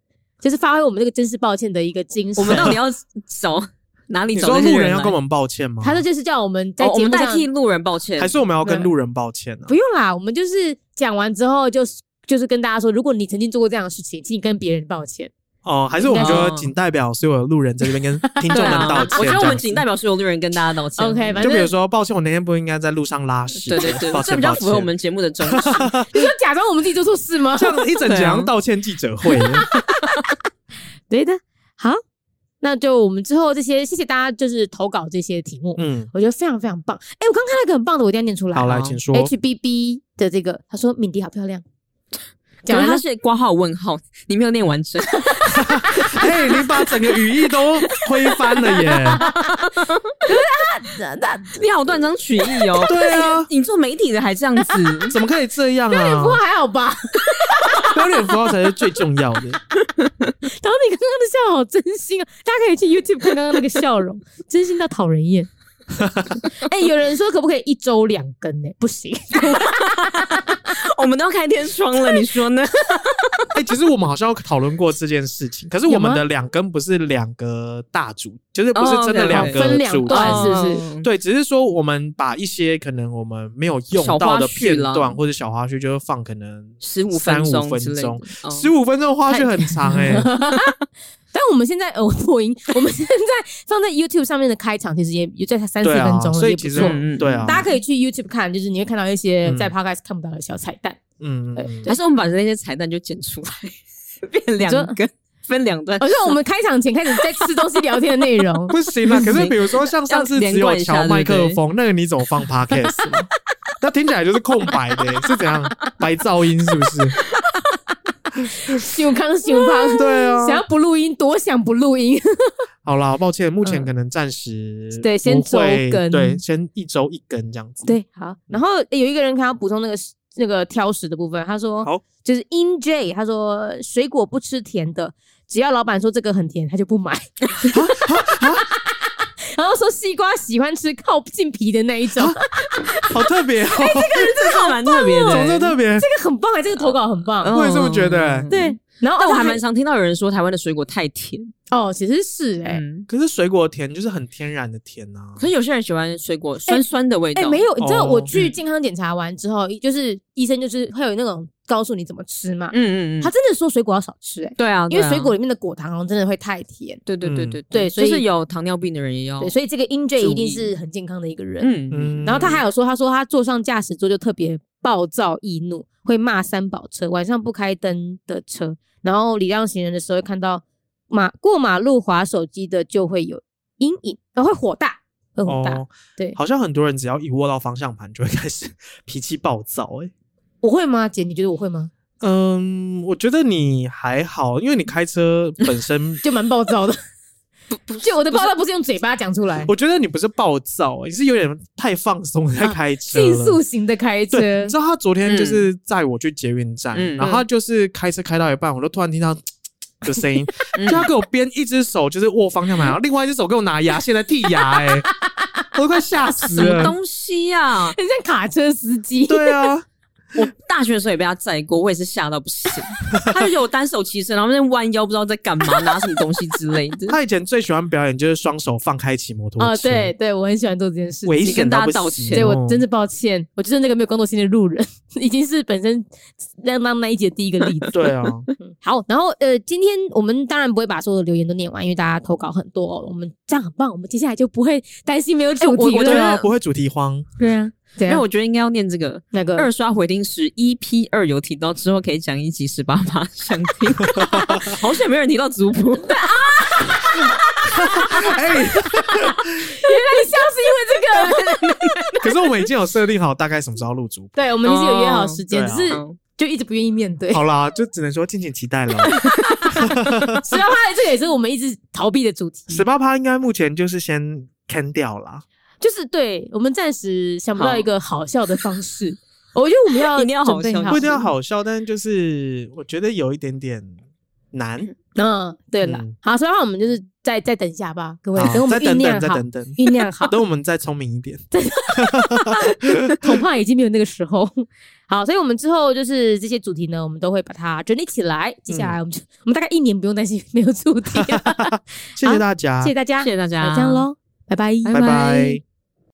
就是發揮我們這個真是抱歉的一個精神。 [laughs] 我們到底要走哪裡走？ [laughs] 說路人要跟我們抱歉嗎？他說就是叫我們在、哦、我們代替路人抱歉，還是我們要跟路人抱歉呢、啊？不用啦，我們就是講完之後、就是，就就是跟大家說，如果你曾經做過這樣的事情，請你跟別人抱歉。哦，還是我們說，僅代表所有路人在這邊跟聽眾們道歉、 [laughs] 啊。我覺得我們僅代表所有路人跟大家道歉。 [laughs] OK，反正就比如說，抱歉，我那天不應該在路上拉屎。 [laughs] 對，對對對，這比較符合我們節目的宗旨。 [laughs] 你說假裝我們自己做錯事嗎？像一整場道歉記者會。 [laughs] 對的，好，那就我們之後這些，謝謝大家，就是投稿這些題目，嗯，我覺得非常非常棒。哎、欸，我剛看了一個很棒的，我一定要念出來、哦。好來，請說。H B B 的這個，他說敏迪好漂亮。講完他是掛號問號，你沒有念完整。 [laughs] 嘿，你把整個語義都推翻了耶！ [laughs] 你好斷章取義哦、喔！對啊，你做媒體的還這樣子，怎麼可以這樣啊？標點符號還好吧？標 [laughs] 點符號才是最重要的。然 [laughs] 後你剛剛的笑好真心啊，大家可以去 YouTube 看剛剛那個笑容，真心到討人厭。哎、 [laughs] 欸，有人說可不可以一周兩更呢、欸？不行， [laughs] [laughs] [laughs] [laughs] 我們都要開天窗了，你說呢？哎、 [laughs] 欸，其實我們好像有討論過這件事情，可是我們的兩更不是兩個大組，就是不是真的兩個組、oh, okay, okay. 分兩段、嗯、是不是？對，只是說我們把一些可能我們沒有用到的片段或者小花絮，就放可能十五三五分鐘，十五分鐘、oh, 花絮很長、欸。 [laughs] 但我們現在呃，抖音，我們現在放在 YouTube 上面的開場，其實也就在三四分鐘、啊，所以其實、嗯、對啊，大家可以去 YouTube 看，就是你會看到一些在 Podcast 看不到的小彩蛋，嗯，對嗯對還是我們把那些彩蛋就剪出來，變兩個分兩段，而、哦、是我們開場前開始在吃東西聊天的內容 [laughs] 不行啊。可是比如說像上次只有敲麥克風，那個你怎麼放 Podcast？那、嗯嗯、聽起來就是空白的、欸，是怎樣？白噪音是不是？秀康，秀康，對啊，想要不錄音，多想不錄音。 [laughs] 好了，抱歉，目前可能暫時、嗯、對，先周更，對，先一周一更這樣子。對，好。然後、欸、有一個人還要補充那個那個挑食的部分，他說，好，就是 in J，他說水果不吃甜的，只要老闆說這個很甜，他就不買。啊啊啊 [laughs] 然後說西瓜喜歡吃靠近皮的那一種、啊， [laughs] 好特別！哦、欸，這個人真的蠻、哦 [laughs] 哦、特別哦，真的特別。這個很棒啊、欸，這個投稿很棒、啊，啊、我也這麼覺得、嗯。嗯嗯嗯嗯、對。然後，我還蠻常聽到有人說台灣的水果太甜哦，其實是哎、欸嗯，可是水果甜就是很天然的甜吶、啊。可是有些人喜歡水果酸酸的味道。哎、欸欸，沒有，你知道、哦、我去健康檢查完之後，就是醫生就是會有那種告訴你怎麼吃嘛。嗯嗯，嗯他真的說水果要少吃哎、欸啊。對啊，因為水果裡面的果糖真的會太甜。對對對對、嗯、對，所以、就是、有糖尿病的人也要對。所以這個 i n j 一定是很健康的一個人。嗯嗯。然後他還有說，他說他坐上駕駛座就特別暴躁易怒，會罵三寶車，晚上不開燈的車。然後禮讓行人的時候，會看到馬過馬路滑手機的，就會有陰影，然後會火大，會火大、哦。對，好像很多人只要一握到方向盤，就會開始脾氣暴躁、欸。哎，我會嗎，姐？你覺得我會嗎？嗯，我覺得你還好，因為你開車本身 [laughs] 就蠻暴躁的。 [laughs] 就我的暴躁，不是用嘴巴講出來。我覺得你不是暴躁，你是有點太放鬆、啊、在開車，競速型的開車。你知道他昨天就是載我去捷運站、嗯，然後他就是開車開到一半，我都突然聽到有聲音，嗯、他給我編一只手就是握方向盤、嗯，然後另外一只手給我拿牙線來剔牙、欸，哎， [laughs] 我都快嚇死了，什麼東西啊？很像卡車司機，對啊。我大學的時候也被他載過，我也是嚇到不行。 [laughs] 他就叫我單手騎車，然後在彎腰，不知道在幹嘛， [laughs] 拿什麼東西之類的。他以前最喜歡表演就是雙手放開騎摩托車。啊、呃，對對，我很喜歡做這件事。我一直跟大家道歉，哦、對我真是抱歉。我就是那個沒有工作心的路人，已經是本身那那那一節第一個例子。 [laughs] 對啊， [laughs] 好，然後呃，今天我們當然不會把所有的留言都念完，因為大家投稿很多，我們這樣很棒。我們接下來就不會擔心沒有主題了、欸啊，不會主題慌。對啊。因為我覺得應該要念這個，那個二刷回聽是一 P 二有提到之後可以講一集十八趴想聽， [laughs] 好險沒人提到族譜 [laughs] [laughs] [laughs] 哎、啊，原來像是因為這個， [laughs] [laughs] 可是我們已經有設定好大概什麼時候錄族譜，對我們已經有約好時間、哦啊，只是就一直不願意面對。好啦，就只能說敬請期待了。十八趴這個也是我們一直逃避的主題，十八趴應該目前就是先坑掉啦。就是對我們暫時想不到一個好笑的方式，我覺得我們要 [laughs] 一定要好笑，好笑，不一定要好笑，但是就是我覺得有一點點難。嗯，對了，嗯、好，所以我們就是再再等一下吧，各位，等我們再等等，再等等，醞釀好， [laughs] 等我們再聰明一點。 [laughs] [laughs] [laughs] 恐怕已經沒有那個時候。好，所以，我們之後就是這些主題呢，我們都會把它整理起來。接下來，我們就、嗯、我們大概一年不用擔心沒有主題 [laughs] 謝謝。謝謝大家，謝謝大家，謝謝大家，這樣嘍，拜拜，拜拜。Bye bye